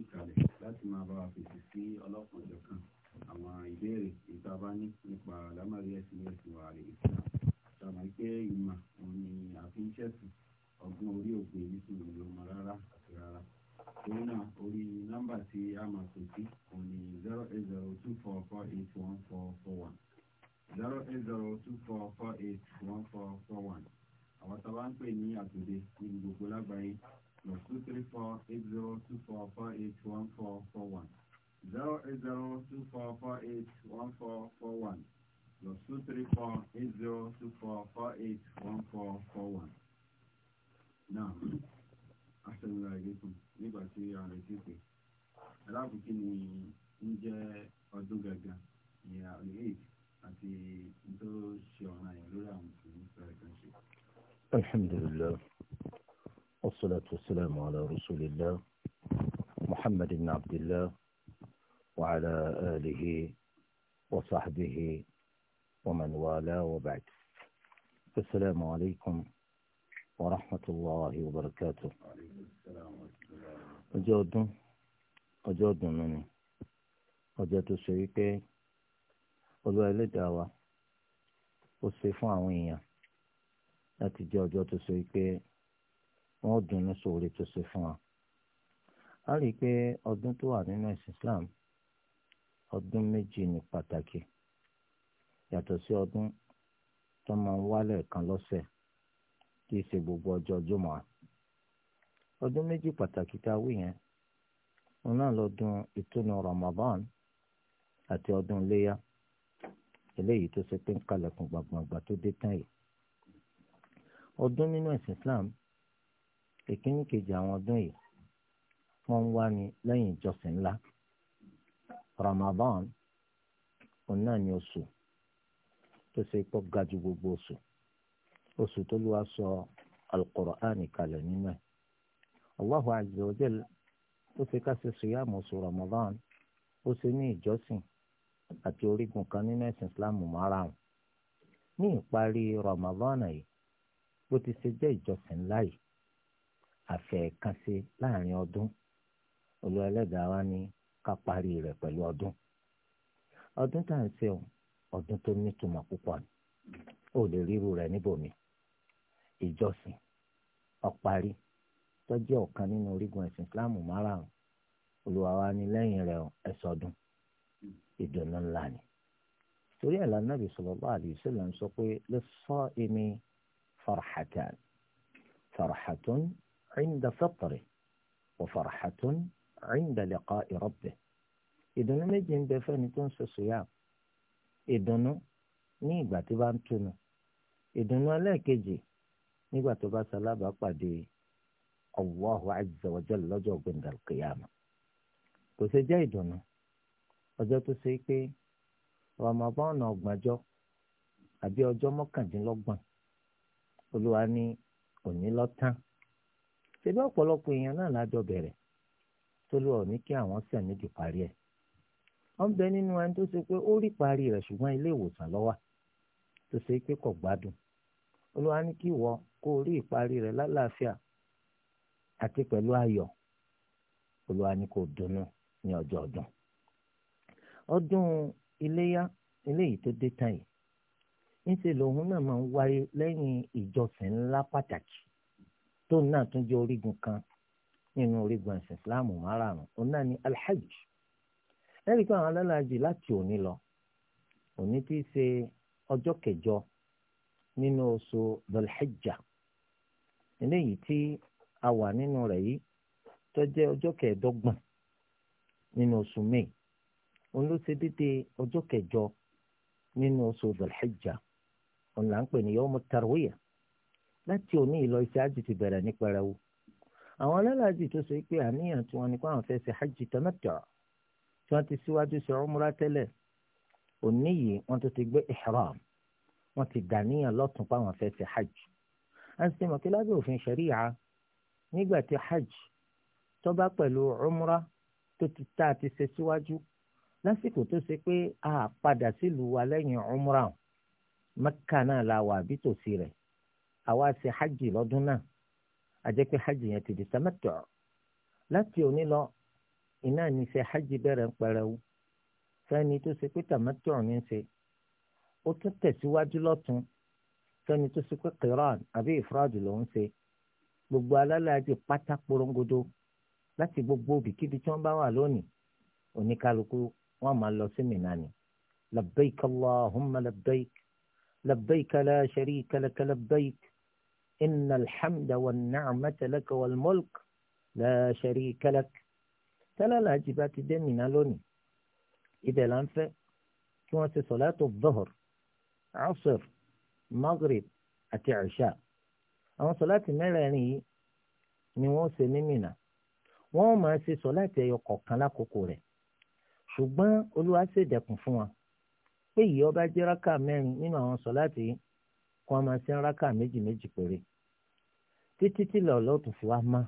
ìkàlẹ̀ láti máa bá wa fèsì sí ọlọ́pàá ìjọkan àwọn ìbéèrè ìta bá ní nípa lámàrí ẹ̀sìn ẹ̀sìn wa rè ìsìlá ṣàmà pé ìmọ̀ òun ni àfihàn ọgbọ́n orí ògbé yìí sì lè mọ rárá àti rárá torí náà orí nọ́mbà tí a máa pè sí òun ni zero eight zero two four four eight one four four one zero eight zero two four four eight one four four one àwọn tá a bá ń pè ní àtòdè ní gbogbo lágbàáyé plus two three four eight zero two four four eight one four four one zero eight zero two four four eight one four four one plus two three four eight zero two four four eight one four four one. now asẹ́nulá ìgbésùn nígbà tí a retí pé alábùkí ni ń jẹ́ ọdún gangan ní àlè eight àti tó ṣe ọ̀ràn yẹn lórí àwọn mùsùlùmí fẹ́rẹ̀ kan ṣe. alhamdulilayi. والصلاة والسلام على رسول الله محمد بن عبد الله وعلى آله وصحبه ومن والاه وبعد السلام عليكم ورحمة الله وبركاته أجود أجود مني أجود ni أجود دعوة ṣe wípé olúwa أجود wa wọn ò dùnnú sóore tó ṣe fún wa. a rí i pé ọdún tó wà nínú ẹ̀sìn Islam ọdún méjì ní pàtàkì yàtọ̀ sí ọdún tó máa ń wálẹ̀ kan lọ́sẹ̀ kì í ṣe gbogbo ọjọ́ jùmọ̀ à. ọdún méjì pàtàkì tá a wí yẹn òun náà lọ́dún ìtúnu Ramadan àti ọdún iléyà eléyìí tó ṣe pé ń kalẹ̀kùn gbàgbọ́n àgbà tó dé tán yìí. ọdún nínú ẹ̀sìn Islam ìkíní kejì àwọn ọdún yìí wọ́n ń wá ní lẹ́yìn ìjọsìn ńlá Ramadan òun náà ni oṣù tó ṣe pọ̀ ga ju gbogbo oṣù oṣù tó lù wá sọ Al-Qur'ani kalẹ̀ nínú ẹ̀ Allahu azza wa jalla ṣe ká ṣe oṣù Ramadan ó ṣe ní ìjọsìn àti orígun kan nínú ẹ̀sìn Islam márùn ní ìparí Ramadan yìí bó ti ṣe jẹ́ ìjọsìn ńlá àfẹ̀ẹ́kánṣe láàrin ọdún olú ẹlẹ́dàá wa ní ká parí rẹ̀ pẹ̀lú ọdún ọdún tá à ń ṣe ọdún tó nítumọ̀ púpọ̀ ni ó lè ríru rẹ̀ níbòmí ìjọsìn ọparí tó ọ̀kan nínú orígun ẹ̀sìn Ìsìláàmù márààrún Olúwa wa ní lẹ́yìn rẹ̀ ẹ ṣọdún ìdùnnú ńlá ni torí ẹ̀ lànàbì sallallahu alaihi wasallam ń sọ pé lis-sa'imi farhatan farhatun عند فطره وفرحة عند لقاء ربه ìdùnnú méjì ń bẹ fẹ́ni tó ń ṣe sùúyà ìdùnnú ní ìgbà tó bá ń túnu ìdùnnú ẹlẹ́ẹ̀kejì nígbà tó bá sálábà pàdé Allahu azza wa jalla lọ́jọ́ ògbéǹda kìyàmù kò ṣe jẹ́ ìdùnnú ọjọ́ tó ṣe pé Ramadan ọgbọ̀njọ́ àbí ọjọ́ mọ́kàndínlọ́gbọ̀n olúwa ní òní lọ́tàn ṣebí ọ̀pọ̀lọpọ̀ èèyàn náà lájọ bẹ̀rẹ̀ tó lọ ní kí àwọn sẹ̀mí jù parí ẹ̀ wọ́n bẹ nínú ẹni tó ṣe pé ó rí parí rẹ̀ ṣùgbọ́n ilé ìwòsàn ló tó ṣe pé kò gbádùn olúwa ní kí ìwọ kó rí ìparí rẹ̀ lálàáfíà àti pẹ̀lú ayọ̀ olúwa ní kò dunnú ní ọjọ́ ọdún ọdún iléyá ilé yìí tó dé tán yìí ńṣe lòun náà máa ń wáyé lẹ́yìn ìjọsìn ńlá pàtàkì tó náà tún jẹ́ orígun kan nínú orígun ẹ̀sìn islam márààrún òun náà ni alhajj ẹ̀rí pé àwọn alálàájì láti òní lọ òní tí í ṣe ọjọ́ kẹjọ nínú oṣù dọ̀lhẹ́jà eléyìí tí a wà nínú rẹ̀ yìí tó jẹ́ ọjọ́ kẹẹ̀ẹ́dọ́gbọ̀n nínú oṣù may òun ló ṣe dédé ọjọ́ kẹjọ nínú oṣù dọ̀lhẹ́jà òun là ń pè ní yọ́mọ tarwiyah láti òní ìlọ iṣẹ́ hajj ti bẹ̀rẹ̀ ní pẹrẹwu àwọn alálàájì tó sọ pé àníyàn tí wọ́n ní kó àwọn fẹ́ ṣe hajj tamattu tí wọ́n ti síwájú ṣe umra tẹ́lẹ̀ òní yìí wọ́n tó ti gbé ihram wọ́n ti dàníyàn lọ́tún pé àwọn fẹ́ ṣe hajj à ń ṣe lábẹ́ òfin ṣẹ̀ríyà nígbà tí hajj tó bá pẹ̀lú umra tó ti tá a ti ṣe síwájú lásìkò tó ṣe pé a padà sílùú wa lẹ́yìn umra mẹ́kà náà la wà bí tòsí rẹ̀ àwa ṣe hajj lọ́dún náà a jẹ́ pé hajj yẹn ti di tamattu láti òní lọ iná ní ṣe hajj bẹ̀rẹ̀ ń pẹrẹwu fẹ́ni tó ṣe pé tamattu ní ṣe ó tún tẹ̀síwájú lọ́tún fẹ́ni tó ṣe pé qiran àbí ifrad ló ń ṣe gbogbo alálàájì pátá porongodo láti gbogbo ibikíbi tí wọ́n bá wà lónìí oníkálukú wọn máa lọ sí mìíràn ni labbaik allahumma labbaik labbaik la sharika laka labbaik. إن الحمد والنعمة لك والملك لا شريك لك tẹ́lẹ̀ làjì bá ti dé mìíràn lónìí ibẹ̀ là ń fẹ́ kí wọ́n ti sọ̀láàtò dọ́hùr asr maghrib àti isha àwọn sọ̀láàtì mẹ́rẹ̀ẹ̀rin yìí ni wọ́n ṣe ní mìíràn wọ́n máa ṣe sọ̀láàtì ẹyọ kọ̀ọ̀kan lákòókò rẹ̀ ṣùgbọ́n olúwa ṣèdẹ̀kùn fún wa pé ìyọ́ bá jẹ́ rákà mẹ́rin nínú àwọn sọ̀láàtì yìí kó wọn máa ṣe ń rákà méjì méjì péré títí tí lọ́ọ̀lọ́ tún fi wá mọ́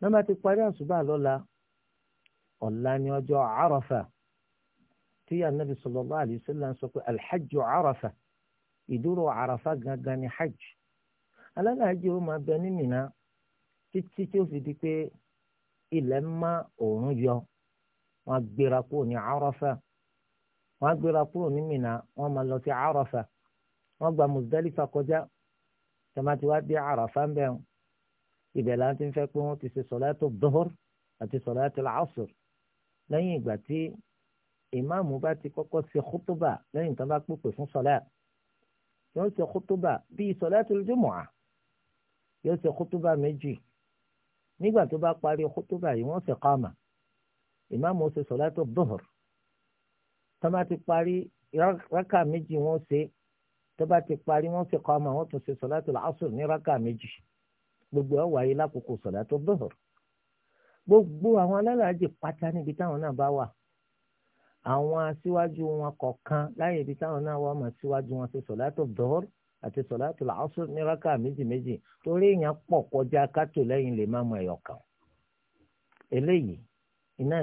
nọ́mbà ti parí àṣùbà lọ́la ọ̀la ni ọjọ́ àràfà tí anabi sallallahu alaihi wasallam sọ pé alhajj àràfà ìdúró àràfà gangan ni hajj alálàájì ó máa bẹ ní Mínà títí tí ó fi di pé ilẹ̀ ń òórùn yọ wọ́n gbéra kúrò ní àràfà wọ́n gbéra kúrò ní Mínà wọ́n máa lọ sí àràfà wọ́n gba Muzdalifa kọjá tẹ̀mátì wá dé Àràfá ń bẹ̀ wọn ibẹ̀ là ń ti fẹ́ pé wọ́n ti ṣe sọ̀láàtò dọ́hùr àti sọ̀láàtò làásùr lẹ́yìn ìgbà tí ìmáàmù bá ti kọ́kọ́ ṣe kútúbà lẹ́yìn tó bá pèpè fún sọ̀lá yóò ṣe kútúbà bíi sọ̀láàtò jùmọ̀à yóò ṣe kútúbà méjì nígbà tó bá parí kútúbà yìí wọ́n ṣe káàmà ìmáàmù ó ṣe sọ̀láàtò dọ́hùr parí rákà méjì wọ́n ṣe tó bá ti parí wọ́n fi kọ́ ọmọ àwọn tó ṣe sọ̀lá tó lásùn ní rákà méjì gbogbo ẹ̀ wáyé lákòókò sọ̀lá tó bọ̀rọ̀ gbogbo àwọn alálàájì pátá níbi táwọn náà bá wà àwọn aṣíwájú wọn kọ̀ọ̀kan láyé ibi táwọn náà wà mọ̀ síwájú wọn ṣe sọ̀lá tó bọ̀rọ̀ àti sọ̀lá tó lásùn ní rákà méjì méjì torí èèyàn pọ̀ kọjá kátó lẹ́yìn lè má mọ ẹ̀yọ̀ kan eléyìí iná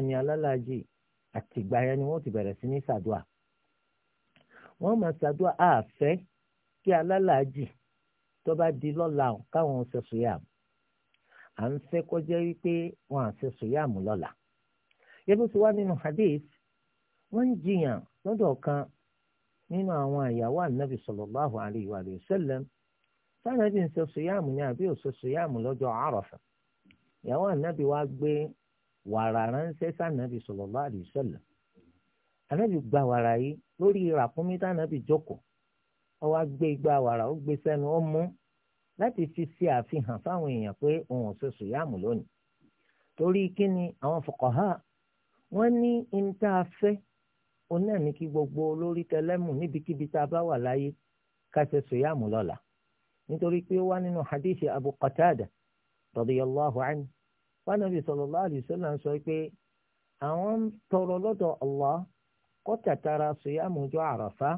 wọ́n máa ṣàdúrà àfẹ́ kí alálàájì tó bá di lọ́la káwọn ṣe sùyàmù à ń fẹ́ kọjá wípé wọn à ṣe sùyàmù lọ́la yẹ́bí tí wá nínú hadith wọ́n ń jiyàn lọ́dọ̀ kan nínú àwọn àyàwó ànábì sallallahu alayhi wa sallam sànàbì ń ṣe sùyàmù ni àbí ò ṣe lọ́jọ́ Àrafa ìyàwó ànábì wá gbé wàrà ránṣẹ́ sànàbì sallallahu alayhi wa sallam ànábì gba wàrà yìí lórí ràkúnmí tánàbì jókòó ó wá gbé igbá wàrà ó gbé sẹ́nu ó mú láti fi ṣe àfihàn fáwọn èèyàn pé òun ò ṣe sùyàmù lónìí torí kí ni àwọn fọkànhá wọ́n ní níta fẹ́ òun náà ní kí gbogbo olórí tẹlẹ́mù níbikíbi tá a bá wà láyé ká ṣe sùyàmù lọ́la nítorí pé wá nínú hadith abu qatada radiyallahu anhu wà nàbì sallallahu alaihi wasallam sọ pé àwọn tọrọ lọ́dọ̀ Allah kó tàtàrà sòyàmùjọ àràfá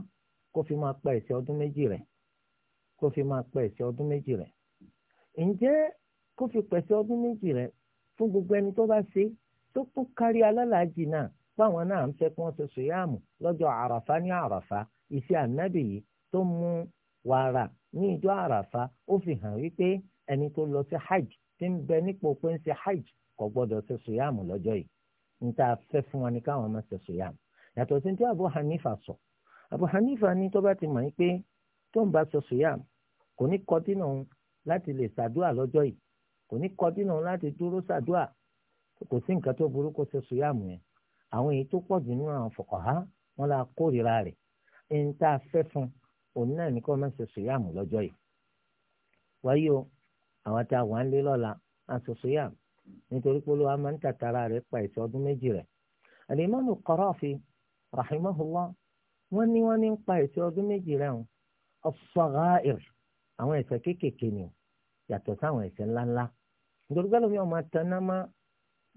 kó fi máa pa esi ọdún méjì rẹ̀ kó fi máa pa ẹ̀ṣẹ̀ ọdún méjì rẹ̀ ǹjẹ́ kó fi pẹ̀ṣẹ̀ ọdún méjì rẹ̀ fún gbogbo ẹni tó bá ṣe tó kún kárí alálàájì náà fáwọn náà ń fẹ́ kí wọ́n ṣe sòyàmù lọ́jọ́ àràfá ní àràfá ìṣe ànábì yìí tó mú wàrà ní ìjọ àràfá ó fi hàn wípé ẹni tó lọ sí hajj ti ń bẹ nípò pé ń ṣe hajj kò gbọ́dọ̀ ṣe sòyàmù lọ́jọ́ yìí ń ta fẹ́ fún wọn ni káwọn máa ṣe yàtọ̀ sí tí Abu Hanifa sọ Abu Hanifa ní tó bá ti mọ̀ pé tó ń bá sọ sùyàm kò ní kọ́ dínà òun láti lè ṣàdúà lọ́jọ́ yìí kò ní kọ́ dínà òun láti dúró ṣàdúà kò sí nǹkan tó burú kó ṣe sùyàm yẹn àwọn èyí tó pọ̀ jù nínú àwọn fuqaha wọn la kórìíra rẹ̀ ẹni tá a fẹ́ fún òun náà ní kó má ṣe sùyàm lọ́jọ́ yìí wáyé o àwọn tá a wà ń lé lọ́la á ṣe sùyàm nítorí pé olúwa máa ń tàtàrà rẹ̀ pa ìṣọ́ méjì rẹ̀ Al-Imam qarafi rahimahullah wọ́n ní wọ́n ní ń pa ẹ̀ṣẹ̀ ọdún méjì rẹ̀ hàn ọ̀fọ̀gáìr àwọn ẹ̀ṣẹ̀ kéékèèké ni yàtọ̀ sáwọn ẹ̀ṣẹ̀ ńláńlá nítorí pé lómi ọmọ tẹnámá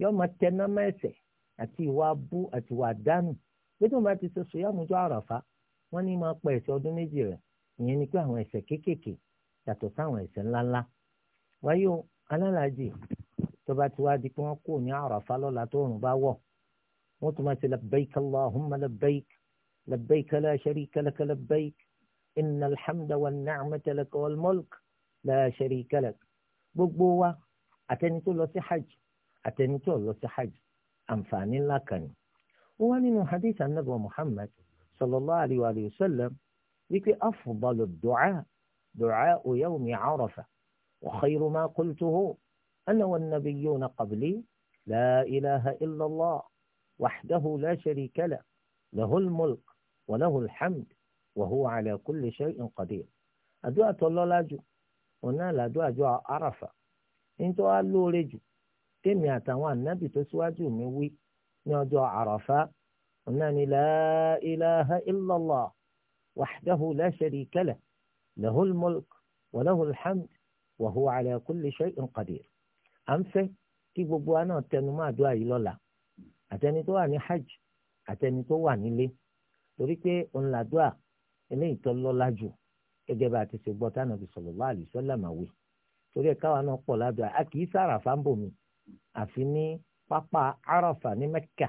yọ ọmọ tẹnámá ẹ̀ṣẹ̀ àti ìwà abú àti ìwà àdánù gbẹdọ̀ bá ti sọ̀sọ̀ yá àmújọ àràfá wọ́n ní máa pa ẹ̀ṣẹ̀ ọdún méjì rẹ̀ ìyẹn ni pé àwọn ẹ̀ṣẹ̀ kéékèèké yàtọ̀ sáwọn ẹ̀ṣẹ̀ ńláńlá wáyé alálàájì tó bá ti wá di pé wọ́n kò ní àràfá lọ́la tó rùn bá wọ̀ مطمئن لبيك اللهم لبيك لبيك لا شريك لك لبيك إن الحمد والنعمة لك والملك لا شريك لك بقبوة أتنتو لو سحج أتنتو لو سحج أنفان الله كان ومن حديث النبي محمد صلى الله عليه وآله وسلم لك أفضل الدعاء دعاء يوم عرفة وخير ما قلته أنا والنبيون قبلي لا إله إلا الله وحده لا شريك له له الملك وله الحمد وهو على كل شيء قدير àdúrà tó lọ́lá jù òun náà làdúrà jọ àràfà nítorí wàá lóore jù tèmi àtàwọn ànábì tó síwájú mi wí ní ọjọ́ àràfà òun náà ni la ilaha illallah wahdahu la sharika lah lahul mulk wa lahul hamd wa huwa ala kulli shay'in qadir à ń fẹ́ kí gbogbo wa náà tẹnu mọ́ àdúrà yìí lọ́la àtẹni tó wà ní hajj àtẹni tó wà nílé torí pé òun làdúà eléyìí tó lọ́lá jù gẹ́gẹ́ bá a ti ṣe gbọ́ tánàbí sallallahu alaihi wasallam wí torí ẹ̀ káwa náà pọ̀ ládùá a kì í sára fáńbò mi àfi ní pápá Àràfà ní Mẹ́kà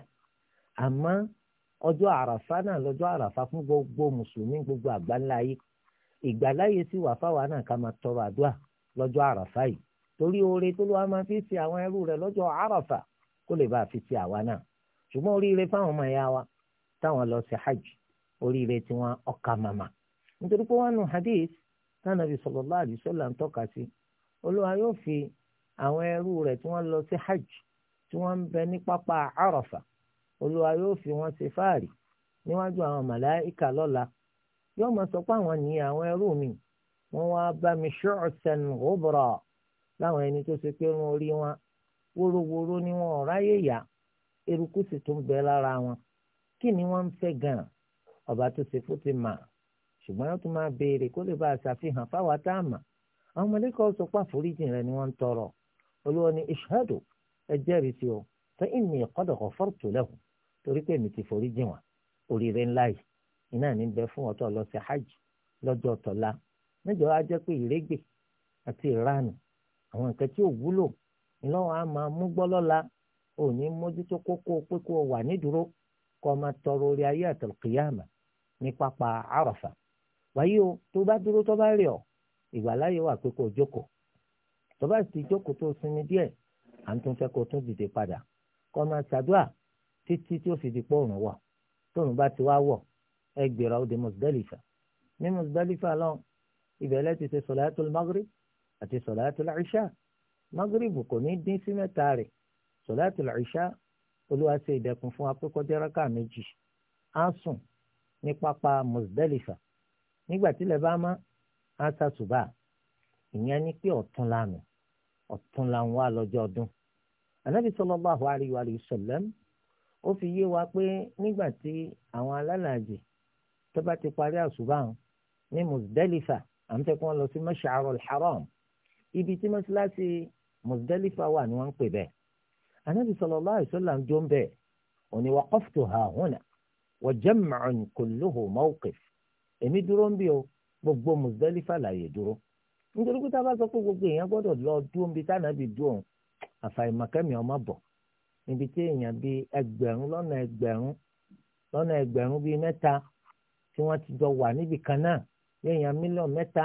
àmọ́ ọjọ́ Àràfà náà lọ́jọ́ Àràfà fún gbogbo mùsùlùmí gbogbo àgbáńlá yìí ìgbàláyè sì wà fáwa náà ká máa tọrọ àdúà lọ́jọ́ Àràfà yìí torí oore tó ló máa fi ṣe àwọn ẹrú rẹ̀ lọ́jọ́ Àràfà kó lè bá a fi ti àwa náà ṣùgbọ́n oríire fáwọn ọmọ ẹ̀yà wa táwọn lọ sí hajj oríire tí wọ́n ọkà màmá nítorí pé wọ́n nu hadith tánàbí sallallahu alaihi wasallam ń tọ́ka sí olúwa yóò fi àwọn ẹrú rẹ̀ tí wọ́n lọ sí hajj tí wọ́n ń bẹ ní pápá àràfà olúwa yóò fi wọ́n ṣe fáàrí níwájú àwọn màláìka lọ́la yóò máa sọ pé àwọn nìyẹn àwọn ẹrú mi wọ́n wá bá mi ṣọ́ọ̀ṣẹ́nu ọ̀bọ̀rọ̀ láwọn ẹni tó ṣe pé wọ́n rí wọn worowóró ni wọn ọ̀ráyè yá eruku sì tún bẹ lára wọn kí ni wọ́n ń fẹ́ gan-an ọba tó ṣe fún ti mà ṣùgbọ́n wọ́n tún máa béèrè kó lè bá a ṣàfihàn fáwọn tá a mà àwọn mọ̀lẹ́kọ̀ọ́ sọ pé àforíjì rẹ̀ ni wọ́n ń tọrọ olúwa ni ishadu ẹ jẹ́rìí sí o fa inni qad ghafartu lahu torí pé èmi ti foríjì wọn oríire ńlá yìí iná ní bẹ fún ọtọ lọ hajj lọ́jọ́ tọ̀la níjọ á pé ìrégbè àti ìranù àwọn nǹkan tí ò wúlò ìlọ́wọ́ á máa mú gbọ́lọ́la ò ní mójútó kókó pé kó o wà nídúró kó o máa tọrọ orí ayé àtàlùkìyàmà ní pápá àràfà wáyé o tó bá dúró tó bá rẹ̀ ọ́ ìgbàláyé wà pé kó o jókòó tó bá sì jókòó tó sinmi díẹ̀ à ń tún fẹ́ kó o tún dìde padà kó o máa ṣàdúrà títí tí ó fi di pé òòrùn wọ̀ tóòrùn bá ti wá wọ̀ ẹ gbéra ó dé Muzdalifa ní Muzdalifa lọ ibẹ̀ lẹ́ti ṣe sọ̀láàtù maghrib àti sọ̀láàtù ìṣá magrib kò ní dín sí mẹ́ta rẹ̀ sọ̀láàtì ìṣá olúwa ṣe ìdẹ̀kùn fún apẹ́kọ́jẹ́ rákà méjì á sùn ní pápá Muzdalifa nígbà tílẹ̀ bá mọ́ á ṣàṣùbà ìyẹn ni pé ọ̀tún lánàá ọ̀tún là ń wá lọ́jọ́ ọdún. Ànábì sallallahu alayhi wa sallam ó fi yé wa pé nígbà tí àwọn alálàájì tó bá ti parí àṣùbà ní Muzdalifa à ń lọ sí Mash'arul ibi tí mọ́ṣáláṣí Muzdalifa wà ní wọ́n ń pè bẹ́ẹ̀ anabi sallallahu alaihi wasallam ń jó ń bẹ́ẹ̀ òní waqaftu ha huna wa jam'un kulluhu mawqif èmi dúró ń bí o gbogbo Muzdalifa láàyè dúró nítorí pé tá a bá sọ pé gbogbo èèyàn gbọ́dọ̀ lọ dúró níbi tánàbì dúró àfàìmọ̀kẹ́mi ọmọ bọ̀ níbi tí èèyàn bíi ẹgbẹ̀rún lọ́nà ẹgbẹ̀rún lọ́nà ẹgbẹ̀rún bíi mẹ́ta tí wọ́n ti jọ wà níbì kan náà èèyàn mílíọ̀nù mẹ́ta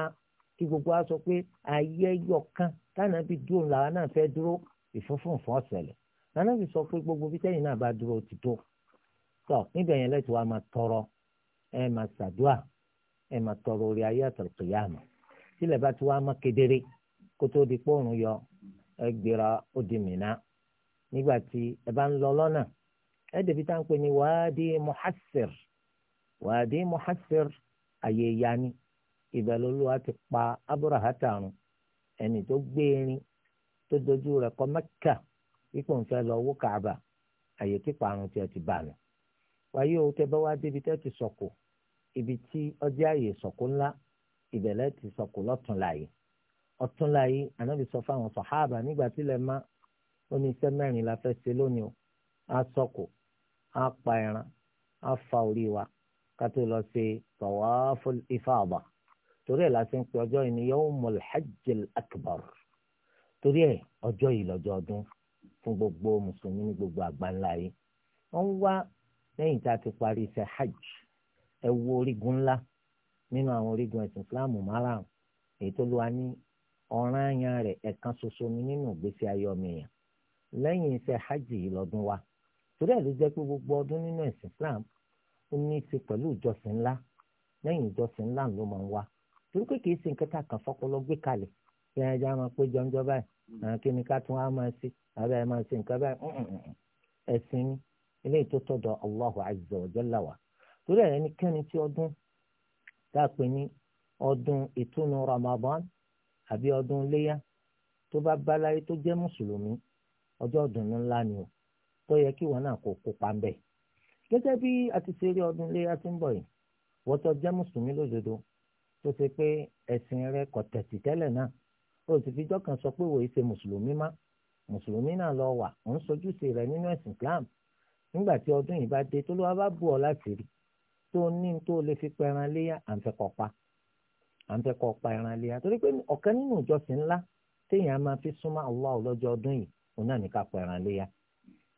kí gbogbo wa sọ pé ayé ẹyọ kan tánàbí dúró làwọn náà fẹ́ dúró ìfúnfúnfún ọ̀sẹ̀lẹ̀ tánàbí sọ pé gbogbo bí tẹ́yìn náà bá dúró ti tó tọ níbẹ̀ yẹn lẹ́tọ̀ wa máa tọrọ ẹ máa ṣàdúà ẹ máa tọrọ orí ayé àtàlùkìyàmù sílẹ̀ bá ti wá má kedere kó tó di pọ́ọ̀rùn yọ ẹ gbéra ó di mìíràn nígbà tí ẹ bá ń lọ lọ́nà ẹ dẹ̀bi tá à ń pè ní wàádì muhassir wàádì muhassir àyè ìyá ni ìbẹ̀lú olúwa ti pa abúrahàtà run ẹni tó gbé irin tó dojú rẹ̀ kọ mẹ́kà ipò ń fẹ́ lọ owó kààbà àyè tí parun tiẹ̀ ti bà nù. wáyé o tẹ́ bá wá débi tẹ́ ti sọ̀kò ibi tí ọjọ́ àyè sọ̀kò ńlá ìbẹ̀lẹ̀ ti sọ̀kò lọ́tún láàyè ọ̀tún láàyè ànábì sọ fáwọn sàhábà nígbà tílẹ̀ má ó mẹ́rin la fẹ́ ṣe lónìí o á sọ̀kò á pa ẹran á fa orí wa ká tó lọ ṣe tawaful ifada torí ẹ̀ la ti ń pe ọjọ́ yìí ní yawmul hajjil akbar torí ẹ̀ ọjọ́ yìí lọ́jọ́ ọdún fún gbogbo mùsùlùmí ní gbogbo àgbáńlá yìí wọ́n wá lẹ́yìn tá a ti parí iṣẹ́ hajj ẹ wo orígun ńlá nínú àwọn orígun ẹ̀sìn islam márùn èyí tó lùwà ní ọ̀ràn àyàn rẹ̀ ẹ̀kan ṣoṣo ni nínú ìgbésí ayé ọmọ èèyàn lẹ́yìn iṣẹ́ hajj yìí lọ́dún wa torí ẹ̀ ló jẹ́ pé gbogbo ọdún nínú ẹ̀sìn islam ó ní í ṣe pẹ̀lú ìjọsìn ńlá lẹ́yìn ìjọsìn ńlá ló máa ń wá torí pé kìí ṣe nǹkan tá a kàn fọpọlọ gbé kalẹ̀ kí ẹja máa pé jọjọ báyìí hmm. àwọn kí ni ká tún á máa ṣe àbẹ ẹ máa ṣe nǹkan báyìí ẹ̀sìn ni eléyìí tó tọ̀dọ̀ Allahu azza wa jalla wa torí ẹ̀rẹ́ ní kẹ́ni tí ọdún tá a pè ní ọdún ìtúnu Ramadan àbí ọdún léyà tó bá báláyé tó jẹ́ mùsùlùmí ọjọ́ ọdún ńlá ni o tó yẹ kí wọn náà kó kópa ń gẹ́gẹ́ bí a ti ṣe rí ọdún léyà tí ń bọ̀ yìí wọ́n tó jẹ́ mùsùlùmí lódodo tó ṣe pé ẹ̀sìn rẹ kò tẹ̀sí tẹ́lẹ̀ náà o sì fi jọ́kàn sọ pé wòye ṣe mùsùlùmí má mùsùlùmí náà lọ wà òun sojúṣe rẹ nínú ẹ̀sìn Islam nígbà tí ọdún yìí bá dé tó ló wá bá bù ọ láti rí tó ní tó lè fi pẹran léyà àǹfẹ̀kọ̀pa àǹfẹ̀kọ̀pa ẹran léyà torí pé ọ̀kan nínú ìjọsìn ńlá téèyàn máa fi súnmọ́ Allah lọ́jọ́ ọdún yìí òun náà ní ká pẹran léyà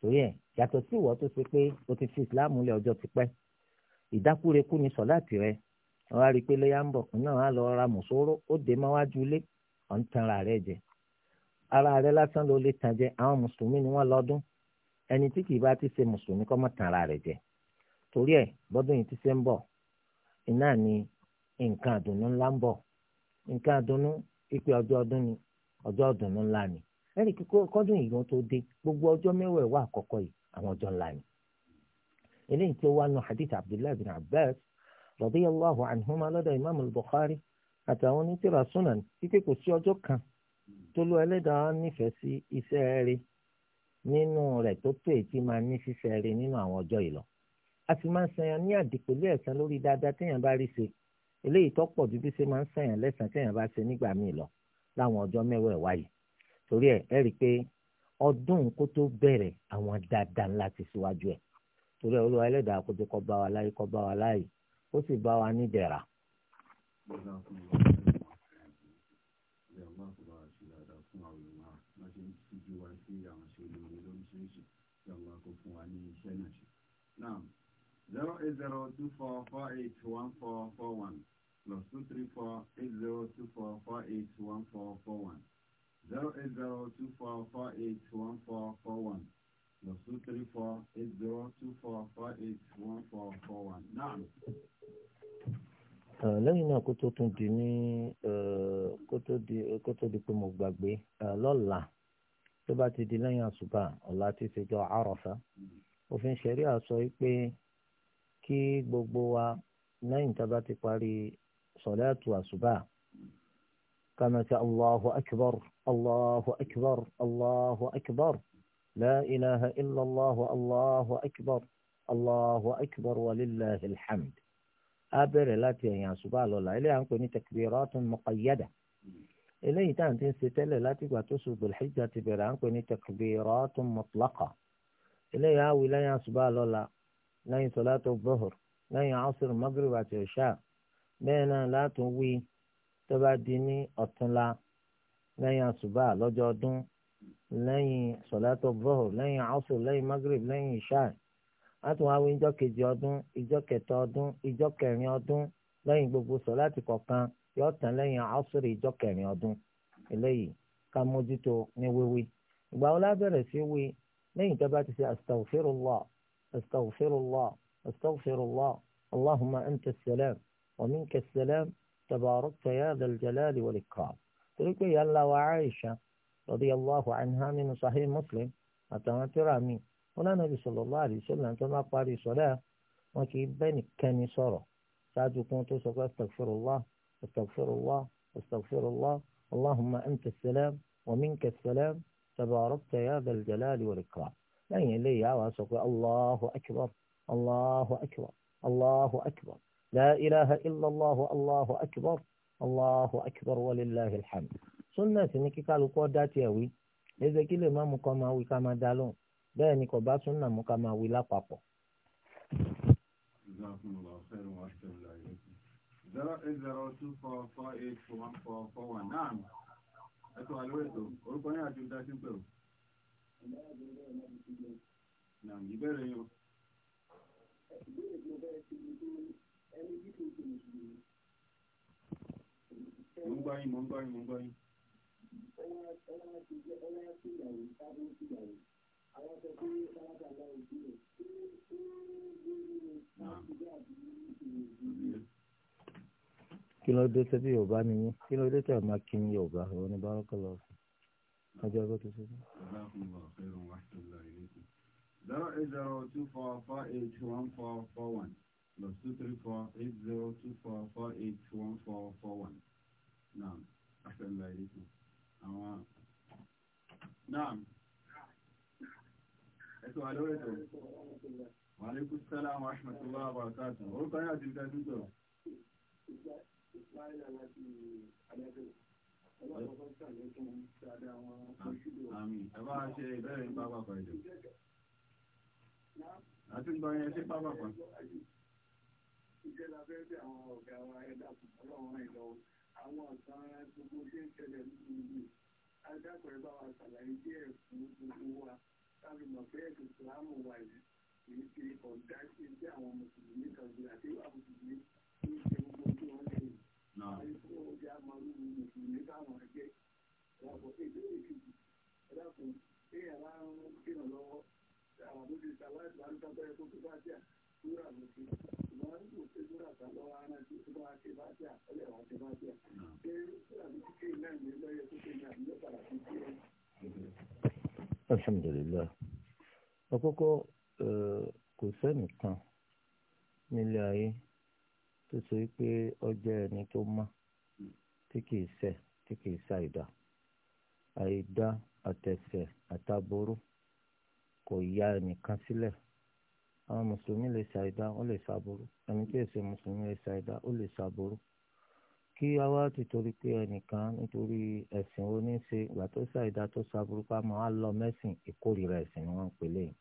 torí ẹ̀ yàtọ̀ sí ìwọ tó ṣe pé o ti fi Islam lé ọjọ́ tipẹ́ ìdákúrekú ni sọ̀láàtì rẹ wọn á rí i pé léyà ń bọ̀ náà wọn á lọ ra mùsòrò ó dé má wájú ilé ọ̀ ń tan ara rẹ̀ jẹ ara rẹ̀ lásán ló lè tàn jẹ àwọn mùsùlùmí ni wọ́n lọ́dún ẹni tí kì í bá ti ṣe mùsùlùmí kọ́ mọ́ tan ara rẹ̀ jẹ torí ẹ̀ bọ́dún yìí ti ṣe ń bọ̀ iná ni nǹkan àdùnnú ńlá ń bọ̀ nǹkan àdùnnú ìpè ọjọ́ ọdún ni ọjọ́ àdùnnú ńlá ni ẹnì kíkọ́ kọ́dún yìí wọn tó dé gbogbo ọjọ́ mẹ́wẹ̀ẹ́wà àkọ́kọ́ yìí àwọn ọjọ́ ńlá ni eléyìí tí wá nu hadith Abdullahi bin Abbas radiyallahu anhuma lọ́dọ̀ imam al-bukhari àtàwọn onítìrà sunan wípé kò sí ọjọ́ kan tó lọ ẹlẹ́dàá nífẹ̀ẹ́ sí iṣẹ́ rere nínú rẹ̀ tó tó èyí tí máa ní ṣiṣẹ́ rere nínú àwọn ọjọ́ yìí lọ. a sì máa ń sanyàn ní àdìpọ̀lé ẹ̀san lórí dáadáa téèyàn bá rí ṣe eléyìí tó pọ̀ ju bí ṣe máa ń sanyàn lẹ́san téèyàn bá ṣe nígbà míì lọ láwọn ọjọ́ mẹ́wàá yìí torí ẹ̀ ẹ́ rí i pé ọdún kó ó sì bá wa ní zero eight zero two four four eight one four four one plus two three four eight zero two four four eight one four four one zero eight zero two four four eight one four four one plus two three four eight zero two four four eight one four four one náà. Ah, lẹ́yìn náà kó tó tún di ní eh, kó tó di pé mo gbàgbé eh, lọ́la tó bá ti di lẹ́yìn àṣùbà ọ̀la ti ṣe jọ àròfà òfin ṣẹ̀rí àṣọ pé kí gbogbo wa lẹ́yìn tá a bá ti parí sọ̀láàtù àṣùbà kàmẹ́tì allahu akbar allahu akbar allahu akbar. لا إله إلا الله الله أكبر الله أكبر ولله الحمد أبر لا تيان سبحان الله إليه أنكم تكبيرات مقيدة إليه تانتين ستلة لا تقوى تسو بالحجة تبير أنكم تكبيرات مطلقة إليه أو إليه سبحان الله لين صلاة الظهر لين عصر مغرب عشاء بين لا توي تبعديني أطلع لين سبحان الله lẹ́yìn sọ̀látọ̀ bọ́ọ̀ lẹ́yìn asr lẹ́yìn magrib lẹ́yìn isha láti wá wí ìjọ kejì ọdún ìjọ kẹta ọdún ìjọ kẹrin ọdún lẹ́yìn gbogbo sọ̀láàtì kọ̀ọ̀kan yóò tán lẹ́yìn asr ìjọ kẹrin ọdún eléyìí ká mójútó ní wíwí ìgbà wo la bẹ̀rẹ̀ sí wí lẹ́yìn tó bá ti ṣe astaghfirullah astaghfirullah astaghfirullah allahumma anta رضي الله عنها من صحيح مسلم متواتر عمي هنا النبي صلى الله عليه وسلم تما قاري صلاة وكي بني كني صرا ساد كنت استغفر الله استغفر الله استغفر الله اللهم أنت السلام ومنك السلام تباركت يا ذا الجلال والإكرام يعني لي يا الله أكبر الله أكبر الله أكبر لا إله إلا الله الله أكبر الله أكبر ولله الحمد súnà sí ní kíkálukú ọ̀dá tiẹ̀ wí ẹsẹ̀ kí lè má mú kọ́ máa wí ká máa dá lóhùn bẹ́ẹ̀ ni kò bá súnà mú ká máa wí lápapọ̀. zero eight zero two four four eight four one four four one naam ẹ tó wà ètò orúkọ ní àti ìdá sí pé o. naam ìbéèrè yín o. mo ń gbọ́ yín mo ń gbọ́ yín mo ń gbọ́ yín ọwọ́ ọwọ́ ti jẹ́ ọwọ́ ti yàwó sábẹ́ ti yàwó àwọn sọ pé sábà lọ òbí rẹ̀ ṣé ṣé lórí láti jẹ́ àbí ìṣòro kí ló dé tẹ́bí yorùbá ni yín kí ló dé tẹ́ ẹ̀ máa kí ní yorùbá ìwọ ni bárọ́kọ̀ lọ sí ọjọ́ bó ti ṣe. zero eight zero two four four eight one four four one plus two three four eight zero two four four eight one four four one naam asalaamualeykum àwọn náà ẹ̀tọ́ alóòrẹ̀ tó wà ní kú sálà àwọn aṣmàtíwá àbàtàtù orúkọ ní àti ìdájú sọ̀rọ̀ Àmín, ẹ̀bá ṣe ìbẹ̀rẹ̀ ní pápákọ̀ ìjọ. Àti ń gbọ́ yẹn ṣe pápákọ̀. bí àwọn ọ̀gá wa ẹ̀dá ọlọ́run ìlọ́wọ́ àwọn ọ̀sán gbogbo tí ń ṣẹlẹ̀ nínú ìlú adákọ̀ẹ́ bá wa ṣàlàyé díẹ̀ fún gbogbo wa láti mọ̀ pé ẹ̀sìn ìsìlámù wà yìí kì ṣe ọ̀dá sí sí àwọn mùsùlùmí kan sí àti ìwà mùsùlùmí kì ṣe gbogbo tí wọ́n lè rìn. àyè fún oúnjẹ amọ̀lúwìn mùsùlùmí táwọn ẹgbẹ́ ìyàpọ̀ ìbéèrè kejì ẹ̀dàkùn èèyàn bá ń lọ́wọ́ àwọn àbójútó aláìsàn alhamdulilayi àkọ́kọ́ kò sẹ́nìkan nílé ayé tó sọ pé ọjọ́ ẹni tó mọ́ tí kìí ṣẹ̀ tí kìí ṣàìdá àìdá àtẹ̀ṣẹ̀ àtàbòrò kò ya ẹnìkan sílẹ̀. Si àwọn mùsùlùmí lè ṣàìdá ó lè ṣàbòrò ẹni tí èsì mùsùlùmí lè ṣàìdá ó lè ṣàbòrò kí àwa ti torí pé ẹnìkan nítorí ẹ̀sìn oníṣe ìgbà tó ṣàìdá tó ṣàbòrò lọ mẹ́sìn ìkórìíra ẹ̀sìn ni wọ́n ń pè léyìn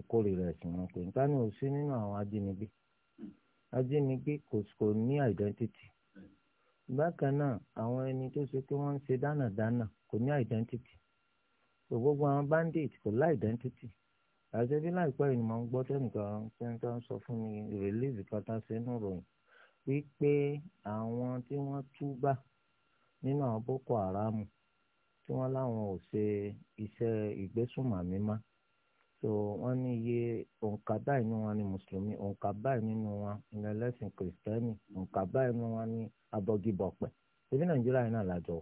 ìkórìíra ẹ̀sìn ni wọ́n ń pè nípa nínú àwọn ajínigbé ajínigbé kò ní bákan náà àwọn ẹni tó ṣe pé wọ́n ń ṣe kò àṣẹbí láìpẹ́ yìí ni mo ń gbọ́ tẹ́nìkan tẹ́nìkan ń sọ fún mi rìlíìsì kọta sínú ròyìn wípé àwọn tí wọ́n túbà nínú àwọn boko haram tí wọ́n láwọn ò ṣe iṣẹ́ ìgbésùnmàmí mọ́ so wọ́n ní iye òǹkà báyìí nínú wọn ni mùsùlùmí òǹkà báyìí nínú wọn ni ẹlẹ́sìn kìrìsìtẹ́nì òǹkà báyìí nínú wọn ni abọ́gibọ̀pẹ̀ ṣebí nàìjíríà yìí náà lájọ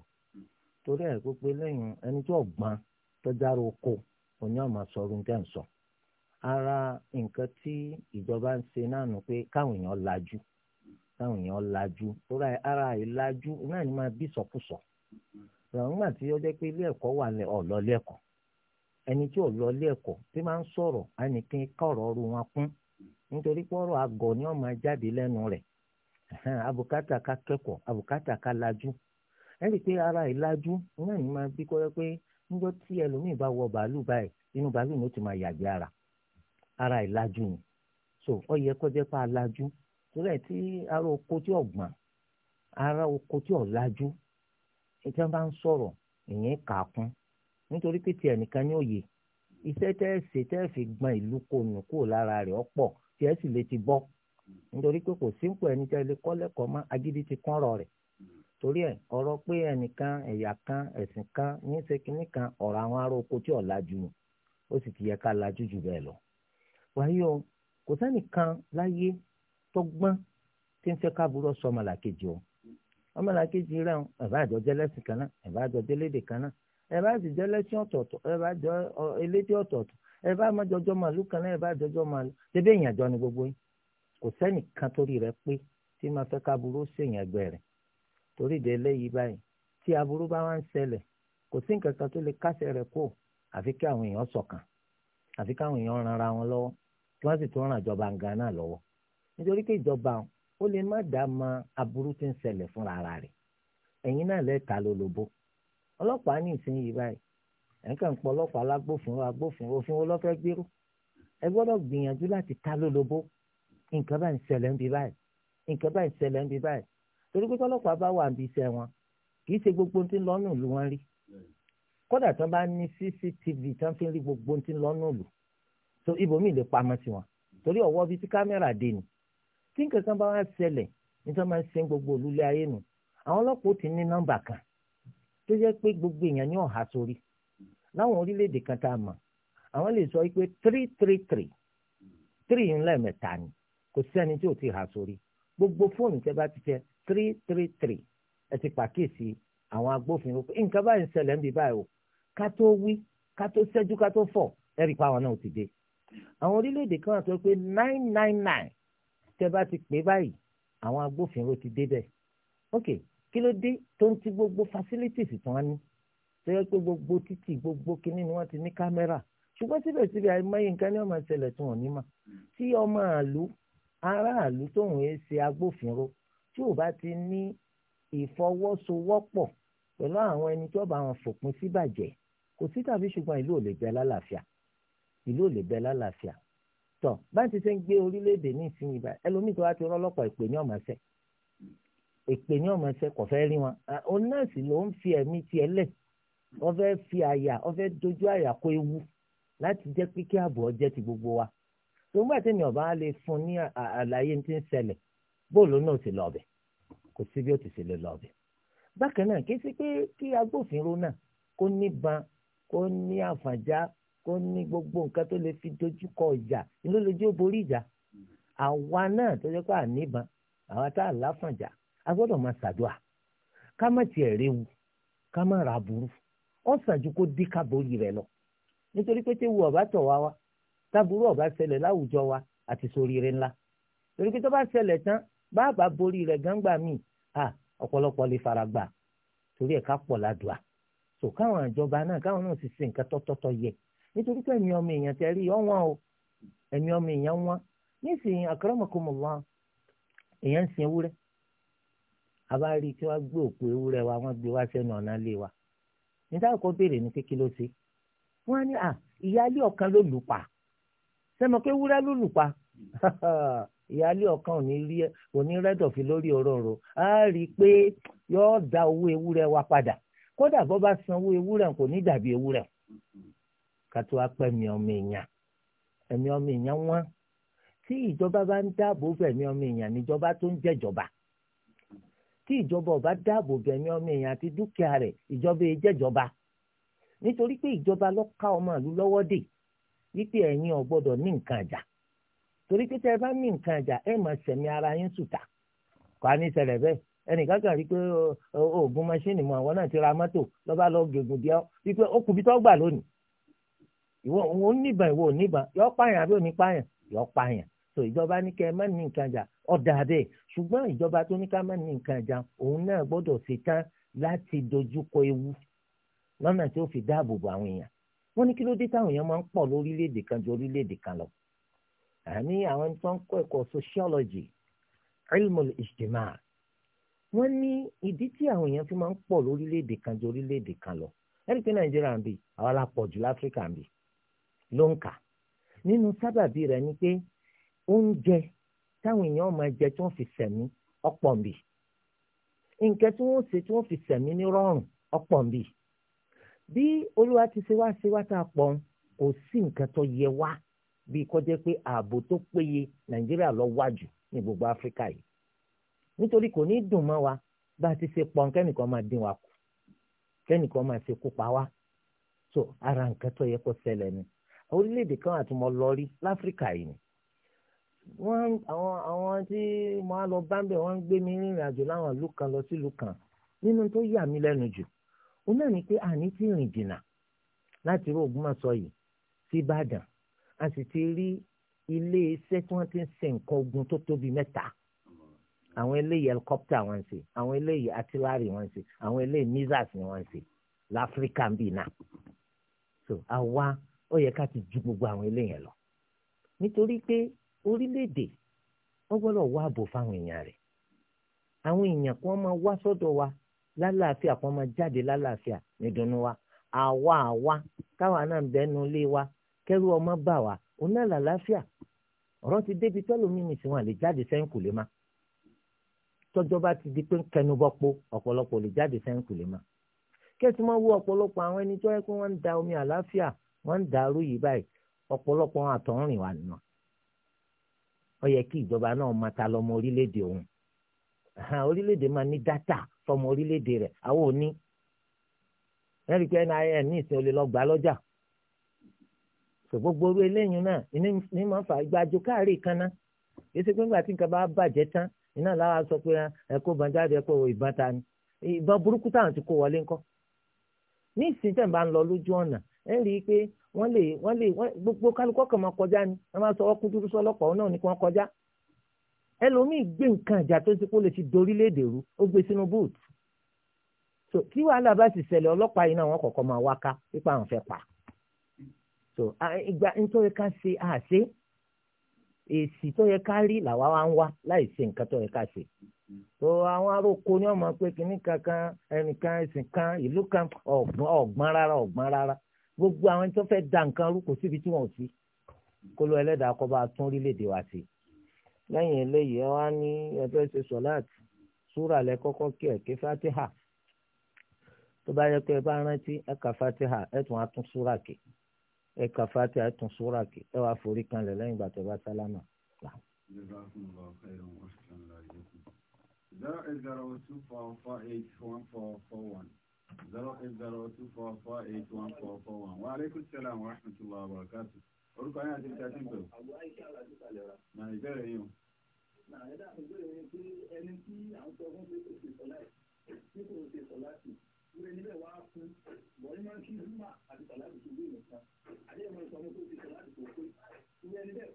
torí ẹ̀ pé lẹ́yìn ẹni tó ọ̀gbọ́n tó járe oko òní ọ̀ma sọ ọdún tẹ́ ń sọ. ara nǹkan tí ìjọba ń ṣe náà nù pé káwọn èèyàn lajú káwọn èèyàn lajú tóra ara ìlajú náà ni máa bí sọkúsọ ìrànwọ́n àti ọjọ́ pé ilé ẹ̀kọ́ wà ní ọ̀lọ́lé ẹ̀kọ́ ẹni tí ò lọ ilé ẹ̀kọ́ tí máa ń sọ̀rọ̀ ẹnìkan kọ̀rọ̀ ru wọn kún nítorí pọ́rọ̀ àgọ̀ ni wọ́n máa jáde lẹ́nu rẹ̀ abùkátà ká kẹ́kọ̀ọ́ abùkátà ká lajú ẹ pé ara ìlajú náà ni máa bí kọ́rẹ́ pé níjọ́ tí ẹlòmíì bá wọ bàálù báyìí inú bàálù ni ara ìlàjú ni so ó yẹ pa jẹ́ pé alájú torí ẹ̀ tí ara oko tí ọ̀gbọ́n ara oko tí ọ̀làjú tí wọ́n bá ń sọ̀rọ̀ ìyẹn kà á kún nítorí pé tiẹ̀ nìkan ní òye iṣẹ́ tẹ́ ẹ ṣe tẹ́ ẹ fi gbọ́n ìlú kò nù kúrò lára rẹ̀ ọ̀pọ̀ tí ẹ sì lè ti bọ́ nítorí pé kò sí nǹkan ẹni tẹ́ ẹ lè kọ́ lẹ́kọ̀ọ́ mọ́ agídí ti kún ọ̀rọ̀ torí ẹ̀ ọ̀rọ̀ pé ẹnìkan ẹ̀yà kan ẹ̀sìn kan ní ṣe kan ọ̀rọ̀ àwọn ará oko tí ọ̀làjú ó sì ti yẹ ká lajú jù bẹ́ẹ̀ lọ wàyí o kò sẹ́nìkan láyé tọ́gbọ́n tí ń fẹ́ káàbúrò sọ ọmọlàkejì o ọmọlàkejì rẹ̀ ẹ̀bá àjọ jẹ́lẹ́sìn kan náà ẹ̀bá àjọ jẹ́lédè kan náà ẹ̀bá àjọ jẹ́lẹ́sìn ọ̀tọ̀ọ̀tọ̀ ẹ̀bá àjọ elédè ọ̀tọ̀ọ̀tọ̀ ẹ̀bá àmọ́jọjọ́ màálù kan náà ẹ̀bá àjọjọ́ màálù débé èèyàn jọ ni gbogbo yín kò sẹ́nìkan torí rẹ̀ pé tí máa fẹ́ káàbúrò sèèyàn ẹgbẹ́ rẹ̀ torí ìdè eléyìí báyìí tí aburú bá wá ń ṣẹlẹ̀ kò sí nǹkan kan tó lè kásẹ̀ rẹ̀ kó àfi kí àwọn èèyàn ṣọ̀kan àfi káwọn èèyàn ran ara wọn lọ́wọ́ tí wọ́n sì tún ràn ìjọba gan náà lọ́wọ́ nítorí pé ìjọba ó lè má dá mọ aburú tí ń ṣẹlẹ̀ fúnra ara rẹ̀ ẹ̀yin náà lẹ́ẹ̀ta ló lobo ọlọ́pàá ní ìsinyìí báyìí ẹ̀ǹkà ń pọ̀ ọlọ́pàá alágbófinró agbófinró òfin wo lọ́fẹ́ gbérú ẹ gbọ́dọ̀ gbìyànjú láti ta ló lobo nǹkan báyìí ṣẹlẹ̀ ń bí báyìí nǹkan báyìí ṣẹlẹ̀ ń bí báyìí torí pé tọ́lọ́pàá bá wà níbi iṣẹ́ wọn kì í ṣe gbogbo tí ń lọ́nù ìlú wọn rí kódà tán bá ní cctv tán fi ń rí gbogbo tí ń lọ́nù ìlú so ibòmíì lè pamọ́ sí wọn torí ọwọ́ bíi tí kámẹ́rà dé ni tí nǹkan kan bá wá ṣẹlẹ̀ nítorí máa ń ṣe gbogbo olúlé ayé nu àwọn ọlọ́pàá ó ti ní nọ́mbà kan tó jẹ́ pé gbogbo èèyàn ní ọ̀hà sórí láwọn orílẹ̀-èdè kan tá a mọ̀ àwọn lè sọ pé three three three three ń lẹ́ẹ̀mẹ́ta ni kò sẹ́ni tí ò ti hà sórí gbogbo fóònù tẹ́ bá ti tẹ three three three ẹ ti pàkíyèsí àwọn agbófinró pé nǹkan báyìí ń ṣẹlẹ̀ ń bí báyìí o ká tó wí ká tó ṣẹ́jú ká tó fọ̀ ẹ̀rí pa àwọn náà ti dé àwọn orílẹ̀-èdè kan sọ pé nine nine nine tẹ́ bá ti pè báyìí àwọn agbófinró ti débẹ̀ ok kí ló dé tó ń ti gbogbo facilities tí wọ́n ní tó yẹ pé gbogbo títì gbogbo kinní ni wọ́n ti ní kámẹ́rà ṣùgbọ́n síbẹ̀síbẹ̀ àìmọye nǹkan ní ọmọ ìṣẹ̀lẹ̀ tí wọ́n ní mà tí ọmọ àlú aráàlú tóun yẹ ṣe agbófinró tí ò bá ti ní ìfọwọ́sowọ́pọ̀ pẹ̀lú àwọn ẹni tí ó bá wọn fòpin síbàjẹ́ kò sí tàbí ṣùgbọ́n ìlú ò lè jẹ́ lálàáfíà ìlú ò lè bẹ lálàáfíà tọ báyìí ti ṣe ń gbé orílẹ̀-èdè ní ìsinyìí báyìí ẹlòmíì tó wá ti rọ́lọ́pàá ìpè ní ọ̀mọ̀ ẹsẹ̀ ìpè ní ọ̀mọ̀ ẹsẹ̀ kò fẹ́ rí wọn òun náà sì ló ń fi ẹ̀mí tiẹ̀ lẹ̀ wọ́n fẹ́ fi àyà wọ́n fẹ́ dojú àyà kó ewu láti jẹ́ pé kí ààbò ọjẹ́ ti gbogbo wa tòun bá tẹ̀mí ọ̀bá lè fún ní àlàyé tí ń ṣẹlẹ̀ bóòlù náà ti lọ ọbẹ̀ kò sí bí ó ti ṣe lè lọ ọbẹ̀ bákan náà kí sí pé kí agbófinró náà kó níbọn kó ní àfàjá kó ní gbogbo nǹkan tó lè fi dojúkọ ìjà ló lè jó borí ìjà àwa náà tó jẹ́ pé àníbàn àwa tá a láfànjà a gbọ́dọ̀ máa ṣàdúà ká má tiẹ̀ réwu ká má ra burú wọ́n sàn ju kó dí káborí rẹ̀ lọ nítorí pé téwu ọ̀bá tọ̀ wá wá táburú ọ̀bá ṣẹlẹ̀ láwùjọ wa àti ṣoríire ńlá torí pé tó bá ṣẹlẹ̀ tán bàbá borí rẹ̀ gángba míì à ọ̀pọ̀lọpọ̀ lè fara gbà torí ẹ̀ ká pọ̀ ládùá so káwọn ìjọba náà káwọn náà sì ṣe nǹkan tọ́tọ́tọ́ yẹ nítorí pé ẹ̀mí ọmọ èèyàn tẹ́rí ọ̀wọ́n o ẹ̀mí ọmọ èèyàn wọ́n nísìnyí akramakumullah èèyàn ń sin ewúrẹ́ a bá rí i tí wọ́n gbé òkú ewúrẹ́ wa wọ́n gbé wá sẹ́nu ọ̀nà ilé wa níta kò béèrè ní kékeré ló ṣe wọ́n á ní à ìyáálé ọ̀kan ló lù pa sẹ́mi pé ewúrẹ́ ló lù pa ìyáálé ọ̀kan òní rẹ́dọ̀fì lórí òróró á rí i pé yọ́ọ́ da owó ewúrẹ́ wa padà kódà bó bá san owó ewúrẹ́ kò ní dàbí ewúrẹ́ kátó wá pẹ́ mi ọmọ èèyàn ẹ̀mí ọmọ èèyàn wọ́n tí ìjọba bá ń dáàbò fẹ̀mí ọmọ èèyàn níjọba tó ń jẹ̀jọba tí ìjọba ò bá dáàbò fẹ̀mí ọmọ èèyàn àti dúkìá rẹ̀ ìjọba èè jẹ̀jọba nítorí pé ìjọba ló ká ọmọ ìlú lọ́wọ́ dè wípé ẹ̀yin ò gbọ́dọ̀ ní nǹkan àjà torí pé tẹ́ ẹ bá ní nǹkan àjà ẹ máa sẹ̀mí ara yín sùtà kò á ní bẹ́ẹ̀ ẹnìkan kan rí i pé oògùn máṣíìnì mu àwọn náà ti ra mọ́tò lọ́ba lọ́ọ́ gègùn díẹ̀ wípé ó kùbí tó gbà lónìí ìwọ òun níbà ìwọ òníbà yọ pààyàn àbí òní pààyàn yọ pààyàn so ìjọba ní kẹ má ní nǹkan jà ọ̀dà bẹ́ẹ̀ ṣùgbọ́n ìjọba tó ní ká má ní nǹkan jà òun náà gbọ́dọ̀ ṣe tán láti dojúkọ ewu lọ́nà tí ó fi dáàbò bo àwọn èèyàn wọ́n ní kí ló dé táwọn èèyàn máa ń pọ̀ lórílẹ̀‐èdè kan ju orílẹ̀‐èdè kan lọ àní àwọn tó ń kọ́ ẹ̀kọ́ sociology ilmul ijtima wọ́n ní ìdí tí àwọn èèyàn fi máa ń pọ̀ lórílẹ̀‐èdè kan ju orílẹ̀‐èdè kan lọ ẹ̀rí pé nàìjíríà ń bì àwọn alápọ̀jù láfíríkà ń bì ló ń kà nínú sábàbí rẹ̀ ni pé oúnjẹ táwọn èèyàn máa jẹ tí wọ́n fi sẹ̀mí ọ̀pọ̀ ń nǹkan tí wọ́n ṣe tí wọ́n fi ní rọrùn ọ̀pọ̀ ń bí olúwa ti ṣe wá ṣe a kò sí nǹkan yẹ wá bíi kọjá pé ààbò tó péye nàìjíríà lọ wájú ní gbogbo áfíríkà yìí nítorí kò ní wa bá a ti ṣe kẹ́nìkan máa dín wa kù kẹ́nìkan máa ṣe kópa wa so ara nǹkan tó yẹ kó ṣẹlẹ̀ orílẹ̀-èdè kan àti mo lọ rí láfíríkà yìí ni wọ́n àwọn àwọn tí mo á lọ bámbẹ̀ wọ́n ń gbé mi rìnrìn àjò láwọn ìlú kan lọ sílùú kan nínú tó yà mí lẹ́nu jù òun náà ni pé àní tí rìn jìnnà láti rí Ògbómọ̀ṣọ́ yìí sí Ìbàdàn a sì ti rí ilé iṣẹ́ tí wọ́n ti ń ṣe nǹkan ogun tó tóbi mẹ́ta àwọn eléyìí helicopter wọ́n ń ṣe àwọn eléyìí artillery wọ́n ń ṣe àwọn eléyìí missiles ni wọ́n ń ṣe náà so àwa ó yẹ ká ti ju gbogbo àwọn eléyẹn lọ nítorí pé orílẹ̀-èdè wọ́n gbọ́dọ̀ wá ààbò fáwọn èèyàn rẹ̀ àwọn èèyàn kan máa wá sọ́dọ̀ wa lálàáfíà kan máa jáde lálàáfíà nídùnnú wa àwa àwa káwa náà ń bẹnu ilé wa kẹ́rù ọmọ bà wá òun náà làlàáfíà ọ̀rọ̀ ti débi tọ́lómìnì tí wọ́n lè jáde sẹ́yìn kò lè má tọ́jọ́ bá ti di pé ń kẹnu bọ́ po ọ̀pọ̀lọpọ̀ lè jáde sẹ́yìn kò lè má kẹ́sì máa wo ọ̀pọ̀lọpọ̀ àwọn ẹni tó yẹ kó wọ́n ń da omi àlàáfíà wọ́n ń dàrú yìí báyìí ọ̀pọ̀lọpọ̀ àtọ̀rìn wà nù. ó yẹ kí ìjọba náà máa ta lọ́mọ orílẹ̀-èdè òun. orílẹ̀-èdè máa ní dátà fọmọ orílẹ̀-èdè rẹ̀ àwọn ò ní. ẹ̀rí pé NIN ní ìsìn olè lọ gbà lọ́jà. ṣògbógbó orú eléyìí náà ní máa fà gbàjọ káàrí kaná. èsì pé nígbà tí nǹkan bá bàjẹ́ tán iná láwa sọ pé ẹ kó ban jáde ìbọn ni. ìbọn burúkú táwọn ti kó wọlé ńkọ́. ní ìsìn tẹ̀ ẹ rí i pé wọ́n lè wọ́n lè gbogbo kálukọ́ kan máa kọjá ni wọ́n máa sọ ọkùn dúdú sọ ọlọ́pàá náà ni wọ́n kọjá ẹlòmíì gbé nǹkan ìjà tó ti lè ti dorílẹ̀-èdè rú ó gbé sínú so tí wàhálà bá sì ṣẹlẹ̀ ọlọ́pàá yìí náà wọ́n kọ̀ọ̀kan máa àwọn fẹ́ pa so ìgbà tó yẹ ká ṣe àṣe èsì tó yẹ gbogbo àwọn tó fẹ́ da nǹkan rú kò síbi tí wọ́n ò sí kó ló ẹlẹ́dàá kọ́ bá tún orílẹ̀-èdè wa sí. lẹ́yìn eléyìí ẹ wá ní ẹgbẹ́ ṣe sọ̀láàtì súrà lẹ kọ́kọ́ kí ẹ̀ ké fatiha tó bá yẹ pé ẹ bá rántí ẹ kà fatiha ẹ tún á tún súrà ké ẹ kà fatiha ẹ tún súrà ké ẹ wá forí kanlẹ̀ lẹ́yìn ìgbà bá sálámà. zero eight zero two four four eight one four four one. 08024481441 wa aleykum salaam wa rahmatulah wa barakatu orúkọ yín àti na yìí o. na ẹ̀dá ìbéèrè yìí pé ẹni tí à ń sọ fún pé kò ṣe sọ láì tí kò ṣe sọ láti wúre níbẹ̀ wá máa ń kí àti tó gbé àdéhùn máa ń sọ fún pé kò ṣe sọ láti kò pé wúre níbẹ̀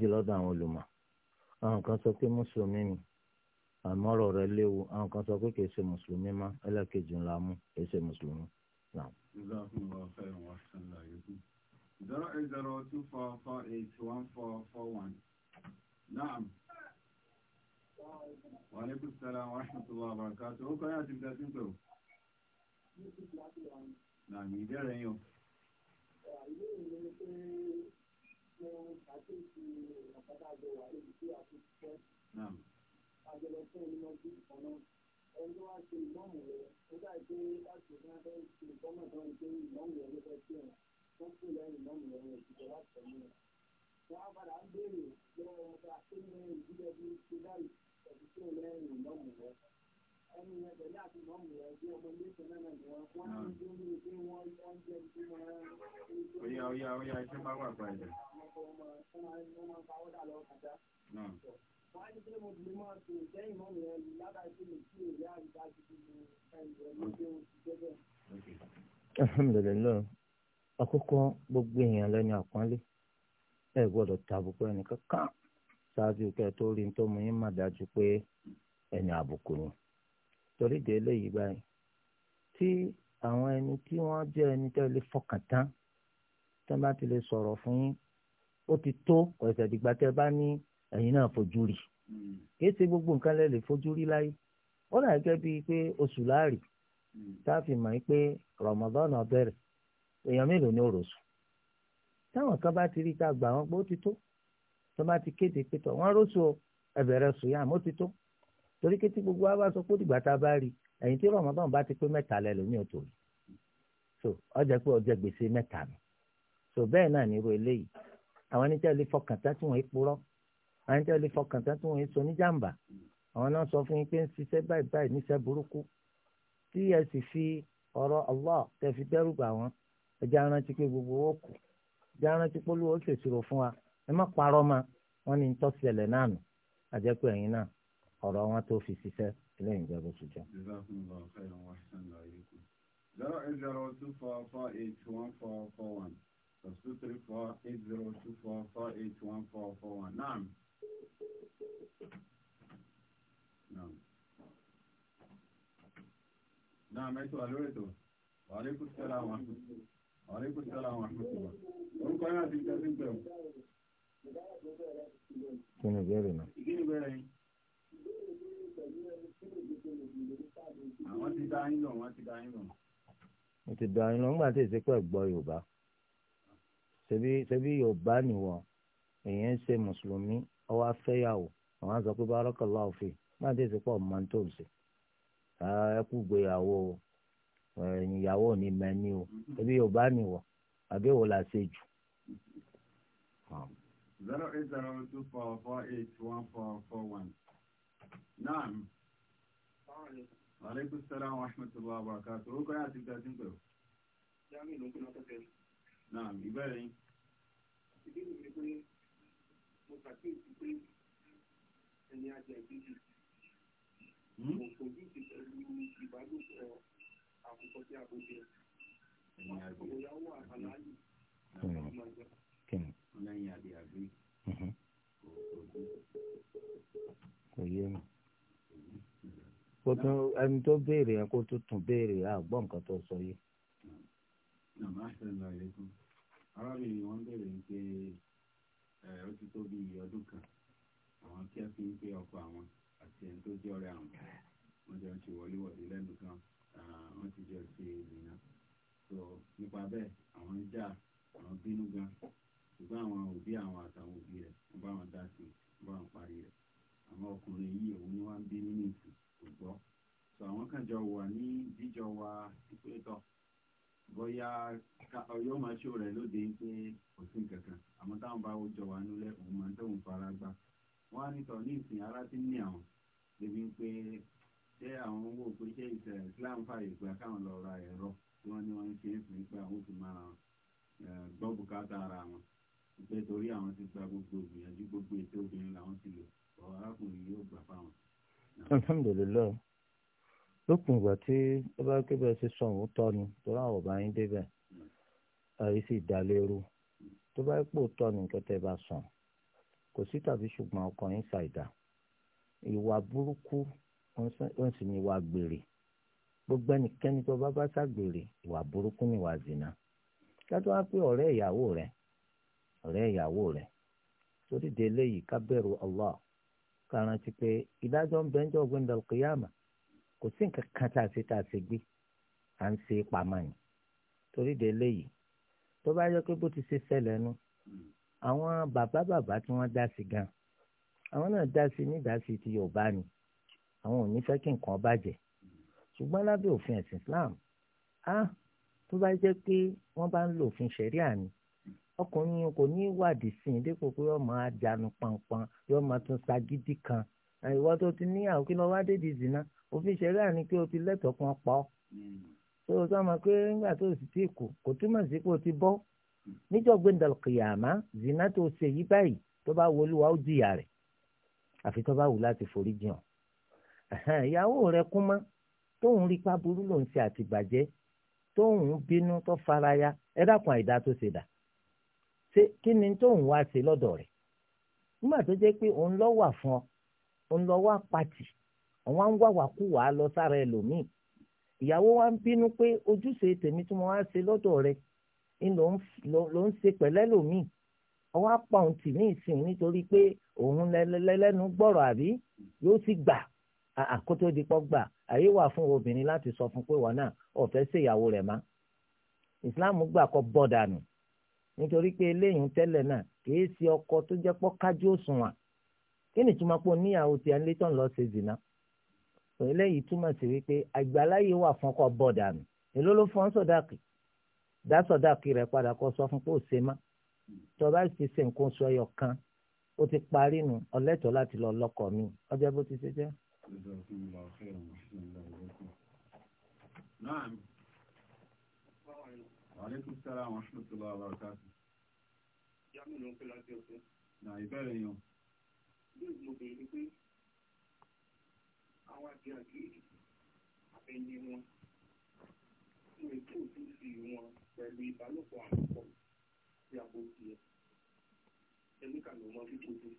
kọ̀ wá àwọn kan sọ pé mùsùlùmí ni àmọ́ ọ̀rọ̀ rẹ̀ léwu àwọn kan sọ pé kìí ṣe mùsùlùmí má ẹlẹ́ẹ̀kejì ńlá mú kìí ṣe mùsùlùmí. zero eight zero two four four eight one four four one naam waaleykum salaam wa rahmatulah wa barakatuh o kàn yà ti bí dẹ́sí naam ìbéèrè yín o mo ṣàkíyèsí ẹni yẹn pẹ̀lú àti mọ́mù rẹ̀ bí ọmọ ilé ìfẹ́ náà ni wọ́n wọ́n ti ń dúró pé wọ́n ń jẹ́ ibi wọn. Oya oya oya iṣẹ́ máa wà gba ilẹ̀. Wọ́n máa ń pa ọ́dà lọ kàjá. Wọ́n á ní pé mo ti máa ṣe ìtẹ́yìn mọ́mù rẹ̀ lábàá sí mi sí èyí àrídá ti fi mu ẹ̀yìn rẹ̀ lóde oṣù jẹ́jẹ́. Alhamdulillah, àkọ́kọ́ gbogbo èèyàn lẹ́ni àpọ́nlé ẹ gbọ́dọ̀ tàbùkù ẹnì kankan ṣáájú kẹ́ tó rí tó mú yín mà dájú pé ẹni àbùkù ni torí de eléyìí báyìí tí àwọn ẹni tí wọ́n jẹ́ ẹni tẹ́ lè fọkàn tán tẹ́ bá ti lè sọ̀rọ̀ fún yín ó ti tó ọ̀sẹ̀ ìdìgbà tẹ́ bá ní ẹ̀yin náà fojú rí kì í ṣe gbogbo nǹkan lẹ́ lè fojú rí láyé ó náà gẹ́gẹ́ bíi pé oṣù láàrì tá a fi mọ̀ pé rọ̀mọ̀dọ́nà bẹ̀rẹ̀ èèyàn mélòó ni ó rọ̀ṣù táwọn kan bá ti rí ká gbà wọn pé ó ti tó tó bá ti kéde pé tọ̀ wọ́n rọ̀ṣù ẹ̀bẹ̀rẹ̀ sùn yá àmọ́ ti tó torí kété gbogbo wa bá sọ pé dìgbà tá a bá rí ẹ̀yìn tí rọmọdún bá ti pé mẹ́ta lẹ lómi ò torí so ọjà pé ọjà gbèsè mẹ́ta mi so bẹ́ẹ̀ náà ní irú eléyìí àwọn ẹni tí a lè fọkàn tán tí wọn ń purọ́ àwọn ẹni tí a lè fọkàn tán tí wọn sọ níjàmbá àwọn náà sọ fún yín pé ń ṣiṣẹ́ báyìí báyìí níṣẹ́ burúkú tí ẹ sì fi ọ̀rọ̀ Allah tẹ fi dẹ́rùbà wọn ẹjẹ arántí pé gbogbo owó kù ẹjẹ arántí pé olúwo ṣèṣirò fún wa ẹ má ẹ̀yìn náà ọ̀rọ̀ wọn tó fi ṣiṣẹ́ lẹ́yìn ìjọba oṣù jọ. zero eight zero two four four eight one four four one plus two three four eight zero two four four eight one four four one naam. naam. naam ẹ tó wà lórí ètò wàlẹ́kùn sẹ́lá wọn wàlẹ́kùn sẹ́lá wọn orúkọ yẹn àti ìjọba ń bẹ̀rù. kí ni ìbéèrè náà. kí ni ìbéèrè yín àwọn ti dá yín lọ wọ́n ti dá yín lọ. wọ́n ti dá yín lọ nígbà tí èsì pẹ̀ gbọ́ yorùbá ṣebí ṣebí yorùbá nìwọ èèyàn ń ṣe mùsùlùmí ọwọ́ afẹ́yàwó àwọn sọ pé barakallahu fi nígbà tí èsì pọ̀ máa ń tó ṣe ẹ kú gbéyàwó ìyàwó ni mẹ́ni o ṣebí yorùbá nìwọ àbí wo la ṣe jù. zero eight zero two four four eight one four four one. Naam. Wa alaikum salaam wa rahmatullahi wa barakatuh. Orúkọ yà ti gbà sí ń pẹ̀lú. Jami ló ń kúnná tẹ́tẹ́. Naam, ìbẹ̀rẹ̀ yín. Ìbéèrè mi pé mo ṣàkíyèsí pé ẹni ajẹ́ ìbejì. Hmm? Mo fojú ti pẹ̀lú ìbálòpọ̀ àkókò tí a bó jẹ. Ẹni ajẹ́ ìyàwó àbáláyé. Kí ni? Lẹ́yìn adé àgbé. Hmm. kò yé mi kó tún ẹni tó béèrè yẹn kó tún tún béèrè àgbọ̀ nǹkan tó sọ yìí. arábìnrin wọn bẹ̀rẹ̀ ń pé ó ti tó bí ọdún kan àwọn kí fi ń pé ọkọ àwọn àti ẹni tó jẹ́ ọ̀rẹ́ àwọn wọ́n jọ ń ṣe n'ina. so nípa abe, àwọn jà àwọn bínú gan ṣùgbọ́n àwọn òbí àwọn àtàwọn òbí bá wọn dá sí i àwọn ọkùnrin yìí òun ni wọ́n bí nínú ìsìn kò gbọ́ sọ àwọn kan jọ wà ní jíjọ wa ìpẹ́tọ̀ bóyá yóò máa ṣó rẹ̀ lóde pé kankan àmọ́ táwọn bá ó jọ wà nílẹ̀ òun máa ń tóun fara á ní ìsìn ara ti ní àwọn débi pé ṣé àwọn owó pé ṣé Islam fàyè káwọn lọ ra ẹ̀rọ tí wọ́n ní wọ́n ṣe é pé àwọn arákùnrin yóò gbà fáwọn. alhamdulilayi lópin ìgbà tí ó bá gbé bẹ́ẹ̀ ṣe sọ òun tọ́ ni torí àwọn ọba yín débẹ̀ hmm. àyè sì dá lérú tó bá pò tọ́ ni nǹkan tẹ́ bá sàn kò sí tàbí ṣùgbọ́n ọkàn yín ṣàìdá ìwà burúkú wọ́n sì ní ìwà gbèrè gbogbo ẹnikẹ́ni tó bá bá ṣàgbèrè ìwà burúkú ni ìwà zina kátó wá pé ọ̀rẹ́ ìyàwó rẹ̀ ọ̀rẹ́ ìyàwó rẹ̀ torí de eléyìí ká bẹ̀rù Allah kàrántí pé ìdájọ́ ń bẹ́ńjọ́ gbẹ́ndọ̀ kìyàmà kò sí nǹkan kan tá a ṣe tá a ṣe gbé à ń ṣe pamọ́ ni torí de eléyìí tó bá yẹ pé bó ti ṣe ṣẹlẹ̀ nu àwọn bàbá bàbá tí wọ́n dá sí gan àwọn náà dá sí nídásí ti Yorùbá ni àwọn ò ní fẹ́ kí nǹkan bàjẹ́ ṣùgbọ́n lábẹ́ òfin ẹ̀sìn Islam á tó bá jẹ́ pé wọ́n bá ń lo òfin ṣẹ̀ríà ni ọkùnrin kò ní ìwádìí sí i dípò pé yóò máa jánu pọnpọn yóò máa tún ṣagídí kan ìwọ tó ti níyàwó kí lọ wá dédì zina òfin ṣẹlẹ̀ àní pé o ti lẹ́tọ̀ọ́ kan pa ọ́ hmm. o sọ ma pé nígbà tó o sì ti kù kò túmọ̀ sí pé o ti bọ́ níjọ́ gbẹ̀ndàlù kìyàmá zina tó o ṣe yí báyìí tó bá wo olúwa ó jìyà rẹ̀ àfi tó bá wù láti forí jìn ìyàwó rẹ kú mọ́ tóun rí pa burú lòun ṣe àtìbàjẹ́ tóun bínú tó faraya ẹ dákun àìdá tó ṣe dà ṣe kí ni tó ń wá ṣe lọ́dọ̀ rẹ̀ nígbà tó jẹ́ pé òun lọ́ wà fún ọ òun lọ́ wà pàtì òun á ń wà wà kú wàá lọ sára ẹlòmíì ìyàwó wa ń bínú pé ojúṣe tèmi tí mo wá ṣe lọ́dọ̀ rẹ̀ ni ló ń ṣe pẹ̀lẹ́ lòmíì ọwọ́ apá òun tì ní ìsìn nítorí pé òun lẹ́lẹ́nu gbọ́rọ̀ àbí yóò sì gbà àkótó dipọ́ gbà àyè wà fún obìnrin láti sọ fún pé wọn náà ọ̀fẹ́ ṣèyàwó rẹ̀ má ìsìláàmù gbà kọ́ bọ́ dànù nítorí pé eléyìí tẹ́lẹ̀ náà kìí ṣe ọkọ tó jẹ́ pọ́ kájú òṣùwọ̀n kí ni túmọ̀ pé oníyàwó ti ẹnilétọ̀ lọ ṣe zìnà eléyìí túmọ̀ sí wípé àgbàláyé wà fún ọkọ bọ̀dà nù èló ló fọ́n sọ̀dáàkì dá sọ̀dáàkì rẹ̀ padà kọ́ sọ fún pé ó ṣe má tó bá ti ṣe nǹkan oṣù ẹyọ kan ó ti parí nu ọlẹ́tọ̀ láti lọ lọ́kọ mi ọjọ́ bó ti ṣe jẹ́. Aleykum salaam wa rahmatullahi wa barakatuh. Yàmù ló ń pè láti ọ̀sẹ̀. Nà ìbẹ̀rẹ̀ yàn. Bí mo bèèrè pé àwọn àti àgbéyìí àbẹ̀yẹ wọn fún ètò òtútù wọn pẹ̀lú ìbálòpọ̀ àkọ́kọ́ sí àbò tiẹ̀. Ẹni kà ló mọ fífòdó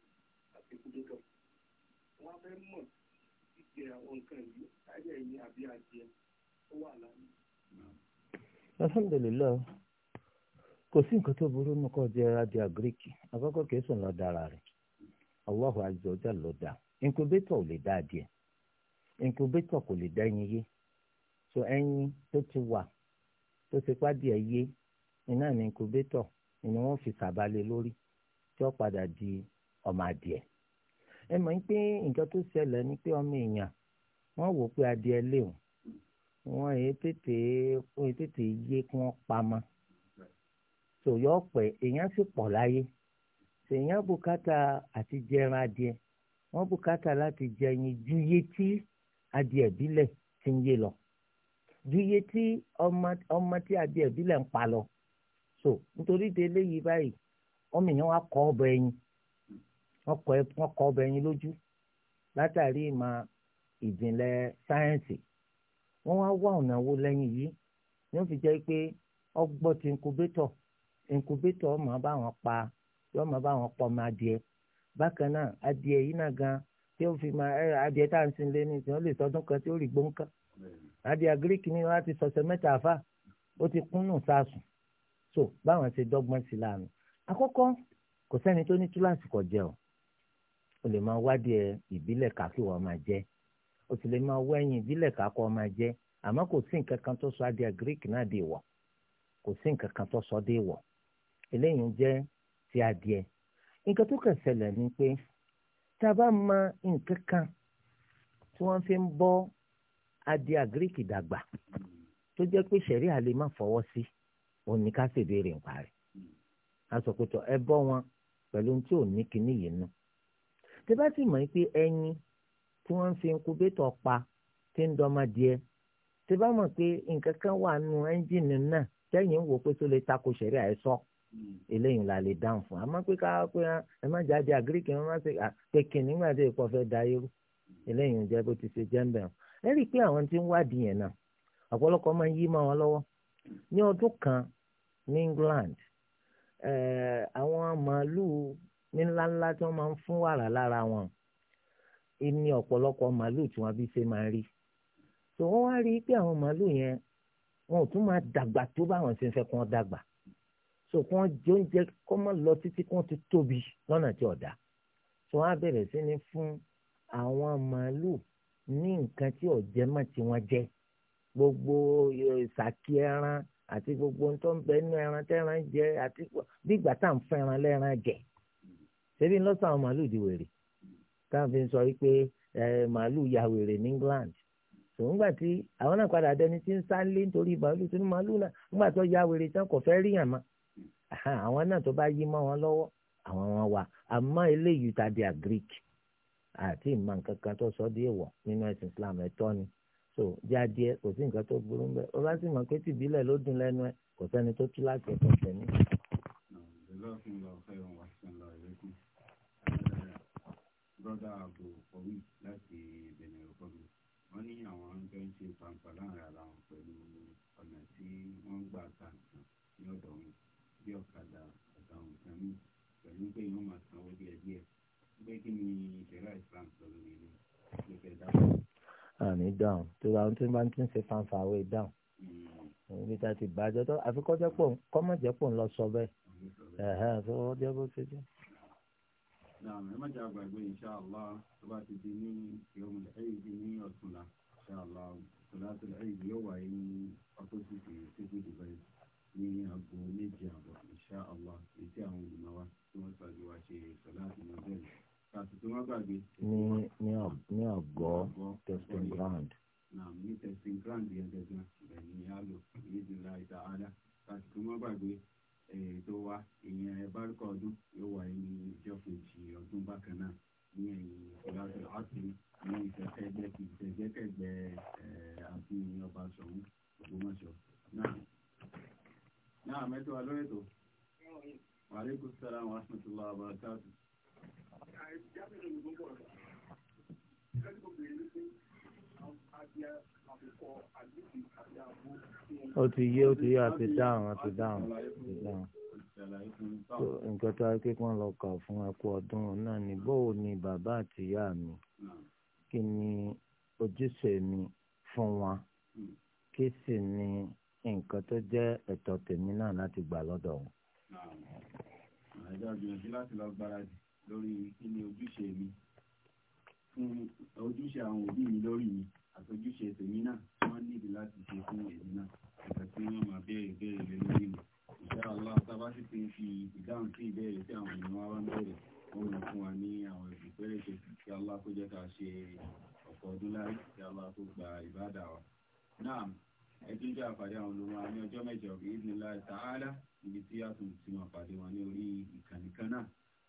àti kúdótọ̀. Wọ́n fẹ́ mọ̀ jíjẹ àwọn nǹkan yìí láyé ẹ̀yìn àbí àjẹ tó wà lánàá. alhamdulilayi kò sí nǹkan tó burú buru n'uko jẹ́ adìẹ àgíríkì àkọ́kọ́ kìí sùn lọ dára rẹ̀ Allahu azza wa jalla ló dá incubator ò lè dá adìẹ incubator kò lè dá ẹyin yé so ẹyin tó ti wà tó ti pàdìẹ yé iná ní incubator ni wọ́n fi sàbálẹ̀ lórí tí ó padà di ọmọ adìẹ ẹ mọ̀ ní pé nǹkan tó ṣẹlẹ̀ ni pé ọmọ èèyàn wọn wò pé adìẹ léwu wọn èyí tètè wọn èyí tètè yé kí wọn pamọ́ sòyọ pẹ èèyàn sì pọ̀ láyé sèèyàn bùkátà àti jẹran adìẹ wọn bùkátà láti jẹyin ju iye tí adìẹ bílẹ̀ ti ń yé lọ ju iye tí ọmọ tí adìẹ bílẹ̀ ń pa lọ so nítorí de eléyìí báyìí ọmọ èèyàn wa kọ ọbẹ̀ ẹyin wọn kọ ọbẹ̀ ẹyin lójú látàrí ìmọ̀ ìjìnlẹ̀ sáyẹ́ǹsì wọ́n wá wá ọ̀nà wo lẹ́yìn yìí ni ó fi jẹ́ pé ọgbọ́ ti incubator incubator ọmọ bá wọn pa yóò máa bá wọn pọ̀ máa díẹ̀ bákan náà adìẹ yìí náà gan tí ó fi máa ẹ adìẹ tá à ń sin lé ní ìsìn ó lè sọdún kan tí ó rí gbóǹkà adìẹ greek ni wọn ti sọsẹ mẹ́ta àfa ó ti kúnnù sásùn so báwọn ṣe dọ́gbọ́n sí lànà àkọ́kọ́ kò sẹ́ni tó ní túláàsì kọ jẹ o o lè máa wádìí ìbílẹ̀ kàkí wọn máa jẹ́ o sì lè máa wẹ́yìn ìbílẹ̀ kakọ́ ọmọ jẹ́ àmọ́ kò sí nǹkan kan tó sọ adìẹ greek náà di ìwọ̀ kò sí nǹkan kan tó sọ di ìwọ̀ eléyìí jẹ́ ti adìẹ nǹkan tó kàn ṣẹlẹ̀ ni pé tá a bá mọ nǹkan kan tí wọ́n fi ń bọ́ adìẹ greek dàgbà tó jẹ́ pé sẹ̀rí àlè má fọwọ́ sí òun ní ká ṣèbéèrè ń parí a sọ pé tọ ẹ bọ́ wọn pẹ̀lú ohun tí ò ní kinní yìí nù tẹ bá sì mọ̀ pé ẹyin tí wọ́n ń fi incubator pa tí ń dọ́mọ díẹ̀ tí bá mọ̀ pé nǹkan kan wà nù ẹ́ńjìnì náà tẹ́yìn ń wò pé tó lè takò ṣẹ̀rí àìsọ́ eléyìí la lè dáhùn fún àmọ́ pé ká pé ẹ má jáde àgíríkì ẹ má ṣe pé kìnnì nígbà tí èèpọ̀ fẹ́ da irú eléyìí ń jẹ́ bó ti ṣe jẹ́ ń bẹ̀rù ẹ rí i pé àwọn tí ń wádìí yẹn náà ọ̀pọ̀lọpọ̀ máa ń yí mọ́ wọn lọ́wọ́ ní ọdún kan ní England àwọn màálùú ní ńláńlá tí wọ́n máa ń fún wàrà lára wọn ẹni ọ̀pọ̀lọpọ̀ màálùú tí wọ́n bí ṣe máa rí tó wọ́n wá rí pé àwọn màálùú yẹn wọn ò tún máa dàgbà tó báwọn ṣe ń fẹ́ kí wọ́n dàgbà so kí wọ́n jẹ oúnjẹ kọ́ mọ́ lọ títí kí wọ́n ti tóbi lọ́nà tí ọ̀dà tó wọ́n á bẹ̀rẹ̀ sí ní fún àwọn màálùú ní nǹkan tí ọ̀jẹ́ mọ̀ tí wọ́n jẹ gbogbo ìsàkí ẹran àti gbogbo ohun tó ń bẹ nínú ẹran tẹ́ran jẹ àti bí ìgbà tá à ń fún ẹran lẹ́ran jẹ ṣebí ń lọ́sàn àwọn màálùú di táwọn fi ń sọ wípé màálù ya wèrè ní England tòǹgbà tí àwọn náà padà dẹni tí ń sálé nítorí màálù tó ní màálù náà nígbà tó ya wèrè tán kò fẹ́ rí yàn má àwọn náà tó bá yí mọ́ wọn lọ́wọ́ àwọn wọn wà àmọ́ eléyìí tàbí greek àti ìmọ̀ nǹkan kan tó sọ díẹ̀ wọ̀ nínú ẹ̀sìn Islam ẹ̀tọ́ ni so jáde kò sí nǹkan tó burú bẹ́ẹ̀ ọba sì mọ̀ pé tìbílẹ̀ ló dùn lẹ́nu ẹ̀ kò sẹ́ni tó tú brọ́dà àbò kọ̀wé láti Benin Republic wọ́n ní àwọn tó ń ṣe pàǹpà láàrin ara wọn pẹ̀lú ọ̀nà tí wọ́n gbà ta nǹkan ní ọ̀dọ̀ wọn bí ọ̀kadà àtàwọn nǹkan míì pẹ̀lú pé wọ́n máa sanwó díẹ̀ díẹ̀ pé kí ni ìṣẹ̀lá Islam sọ lórí ilé ló fẹ́ dáhùn. àní dáhùn tó bá tó bá ti ń ṣe fanfa àwẹ̀ dáhùn níbi hmm. tá a ti bàjẹ́ tó àfikọ́jẹ́pọ̀ kọ́mọ̀jẹ́pọ̀ ń lọ sọ bẹ́ẹ̀ ẹ̀hẹ́n tó jẹ́ jẹ́ naam ẹ má jẹ́ àgbàgbé inṣàlá tó bá ti di ní ìrọ̀mùlẹ̀ ẹ̀yìndì ní ọ̀túnla inṣàlá ọ̀túnlátúnlẹ̀ ẹ̀yìndì yóò wáyé ní ọ̀tọ́sìtì tẹ́kù dubai ní aago méje àbọ̀ inṣàlá ètí àwọn olùmọ̀ wa tí wọ́n ṣáájú wa ṣe sọ̀láàtì ní ọjọ́ yìí kàtì tó má gbàgbé. ní àgọ́ testing ground. naam ní testing ground yẹn gẹ́gẹ́ bẹ́ẹ̀ ni a lò ní ìdílé àìsàn àdá kàtì tó má gbàgbé Eh, tó wá èèyàn bárúkọ ọdún yóò wáyé ní ọjọ́ kejì ọdún bákan náà ní ẹ̀yìn ìfọláṣọ àti ní ìfẹ̀kẹ́gbẹ́kẹ̀gbẹ́ eh, àti ọba sọ̀hún Ògbómọ̀ṣọ́ náà náà mẹ́tọ́ wa lórí ètò wàlékún sára wa sọ̀tùlá àbàkátù. ó ti yé ó ti yé ti dáhùn ti dáhùn àti dáhùn nǹkan tó lọ kà fún ẹkú ọdún náà ni ni bàbá àti ìyá mi kí ni ojúṣe mi fún wa, kí sì ni nǹkan tó jẹ́ ẹ̀tọ́ tèmi náà láti gbà lọ́dọ̀ wọn. mi. àtọ́júṣe tèmi náà wọ́n níbi láti ṣe fún èmi náà ìgbà tí wọ́n máa bẹ̀rẹ̀ bẹ̀rẹ̀ lé lórí mi ìṣe aláà tábà sì ti fi ìdáhùn sí ìbéèrè tí àwọn ènìyàn wa ń bẹ̀rẹ̀ wọ́n lọ fún wa ní àwọn ìlú péréṣe kí aláà ká ṣe ọ̀pọ̀ ọdún láì kí aláà gba ìbádà wa. náà ẹ tún jẹ́ àpàdé àwọn olùmọ̀ ní ọjọ́ mẹ́jọ ibi tí a tún ti máa pàdé wọn ní orí ìkànnì kan náà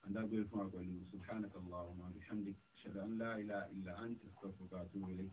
àdágbé fún wa pẹ̀lú subhanakallahumma bihamdik shada an la ilaha illa anta astaghfiruka wa atubu ilayk